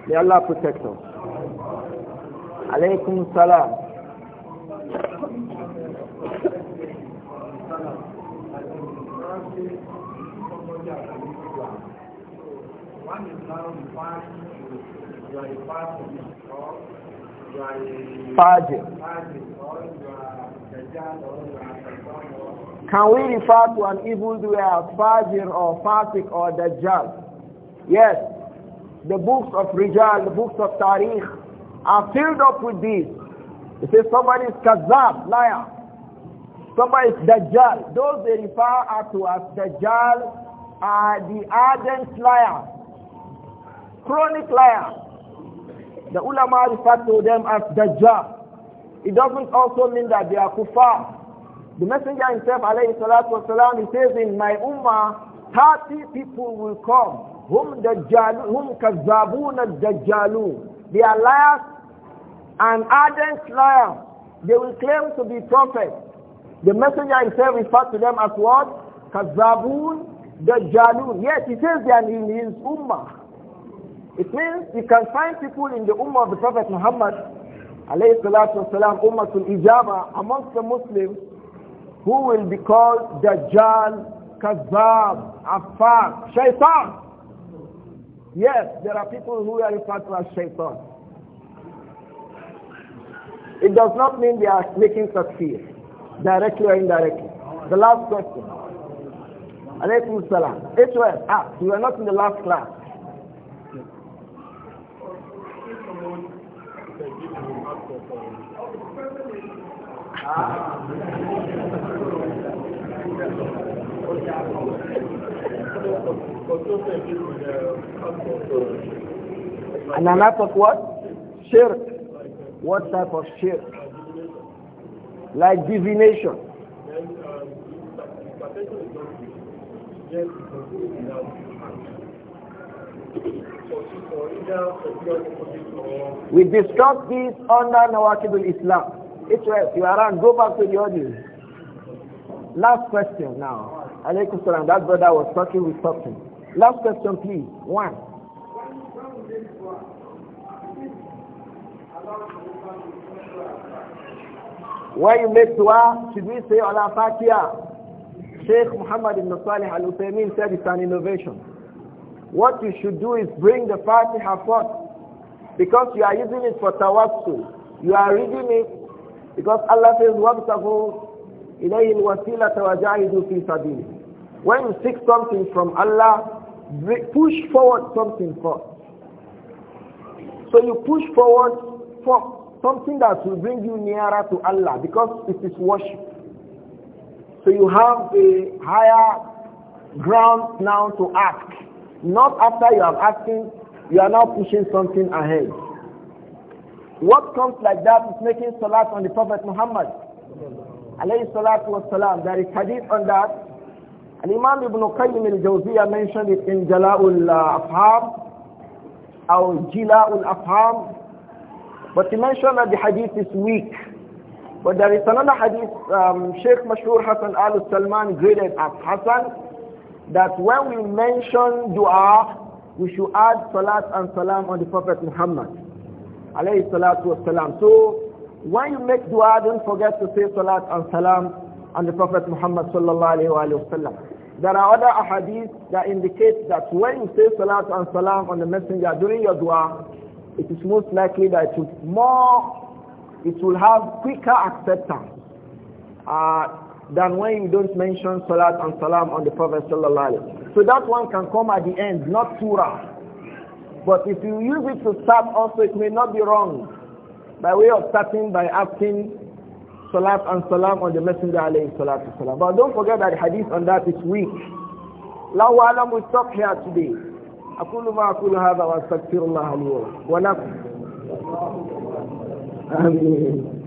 May Allah protect us. Alaykum salam pé ọmọdé àtàwọn ìgbà one is now referred a part or a or Can we refer to an evildoer as Fajr or Fasik or Dajjal? Yes, the books of Rijal, the books of Tariq are filled up with these. It says somebody is Kazab, liar. Somebody is Dajjal. Those they refer to as Dajjal are the ardent liar, chronic liar. The ulama refer to them as Dajjal. It doesn't also mean that they are kuffar. The messenger himself, alayhi salatu wasalam, he says in my ummah, 30 people will come. Whom Dajjal, whom Kazzabun al They are liars and ardent liars. They will claim to be prophets. The messenger himself referred to them as what? Kazabun Dajjalun. Yes, he says they are in his ummah. It means you can find people in the ummah of the Prophet Muhammad alayhi salatu wasalam, ummatul ijaba amongst the Muslims who will be called Dajjal, Kazab, afaq Shaitan. Yes, there are people who are referred to as Shaitan. It does not mean they are making such fear. Directly or indirectly? The last question. Alaykum salam. HOS, ah, you were not in the last class. and an act of what? Shirk. What type of shirk? like divination. We discussed this under Nawakibul Islam. It's right, you are around, go back to the audience. Last question now. Alaykum That brother was talking with something. Last question, please. One. Why you make dua, should we say Allah Fatiha? Sheikh Muhammad ibn Salih al Uthaymeen said it's an innovation. What you should do is bring the Fatiha forth because you are using it for tawassul. You are reading it because Allah says, وَابْتَغُوا إِلَيْهِ الْوَسِيلَةَ وَجَاهِدُوا فِي سَبِيلِهِ When you seek something from Allah, push forward something first. So you push forward first something that will bring you nearer to Allah because it is worship. So you have a higher ground now to ask. Not after you are asking, you are now pushing something ahead. What comes like that is making salat on the Prophet Muhammad. Alayhi salatu was salam. There is hadith on that. And Imam Ibn Qayyim al-Jawziyah mentioned it in Jala'ul uh, Afham, or Jila'ul Afham, but he mentioned that the hadith is weak. But there is another hadith, um, Sheikh Mashur Hassan al-Salman graded as Hassan, that when we mention dua, we should add salat and salam on the Prophet Muhammad. Alayhi salatu wasalam. So, when you make dua, don't forget to say salat and salam on the Prophet Muhammad sallallahu alayhi wa There are other ahadith that indicate that when you say salat and salam on the messenger during your dua, it is most likely that it will more, it will have quicker acceptance uh, than when you don't mention salat and salam on the Prophet sallallahu So that one can come at the end, not surah. But if you use it to start also, it may not be wrong. By way of starting by asking salat and salam on the Messenger alayhi salatu salam. But don't forget that the hadith on that is weak. Law alam stop here today. أقول ما أقول هذا وأستغفر الله لي ولكم آمين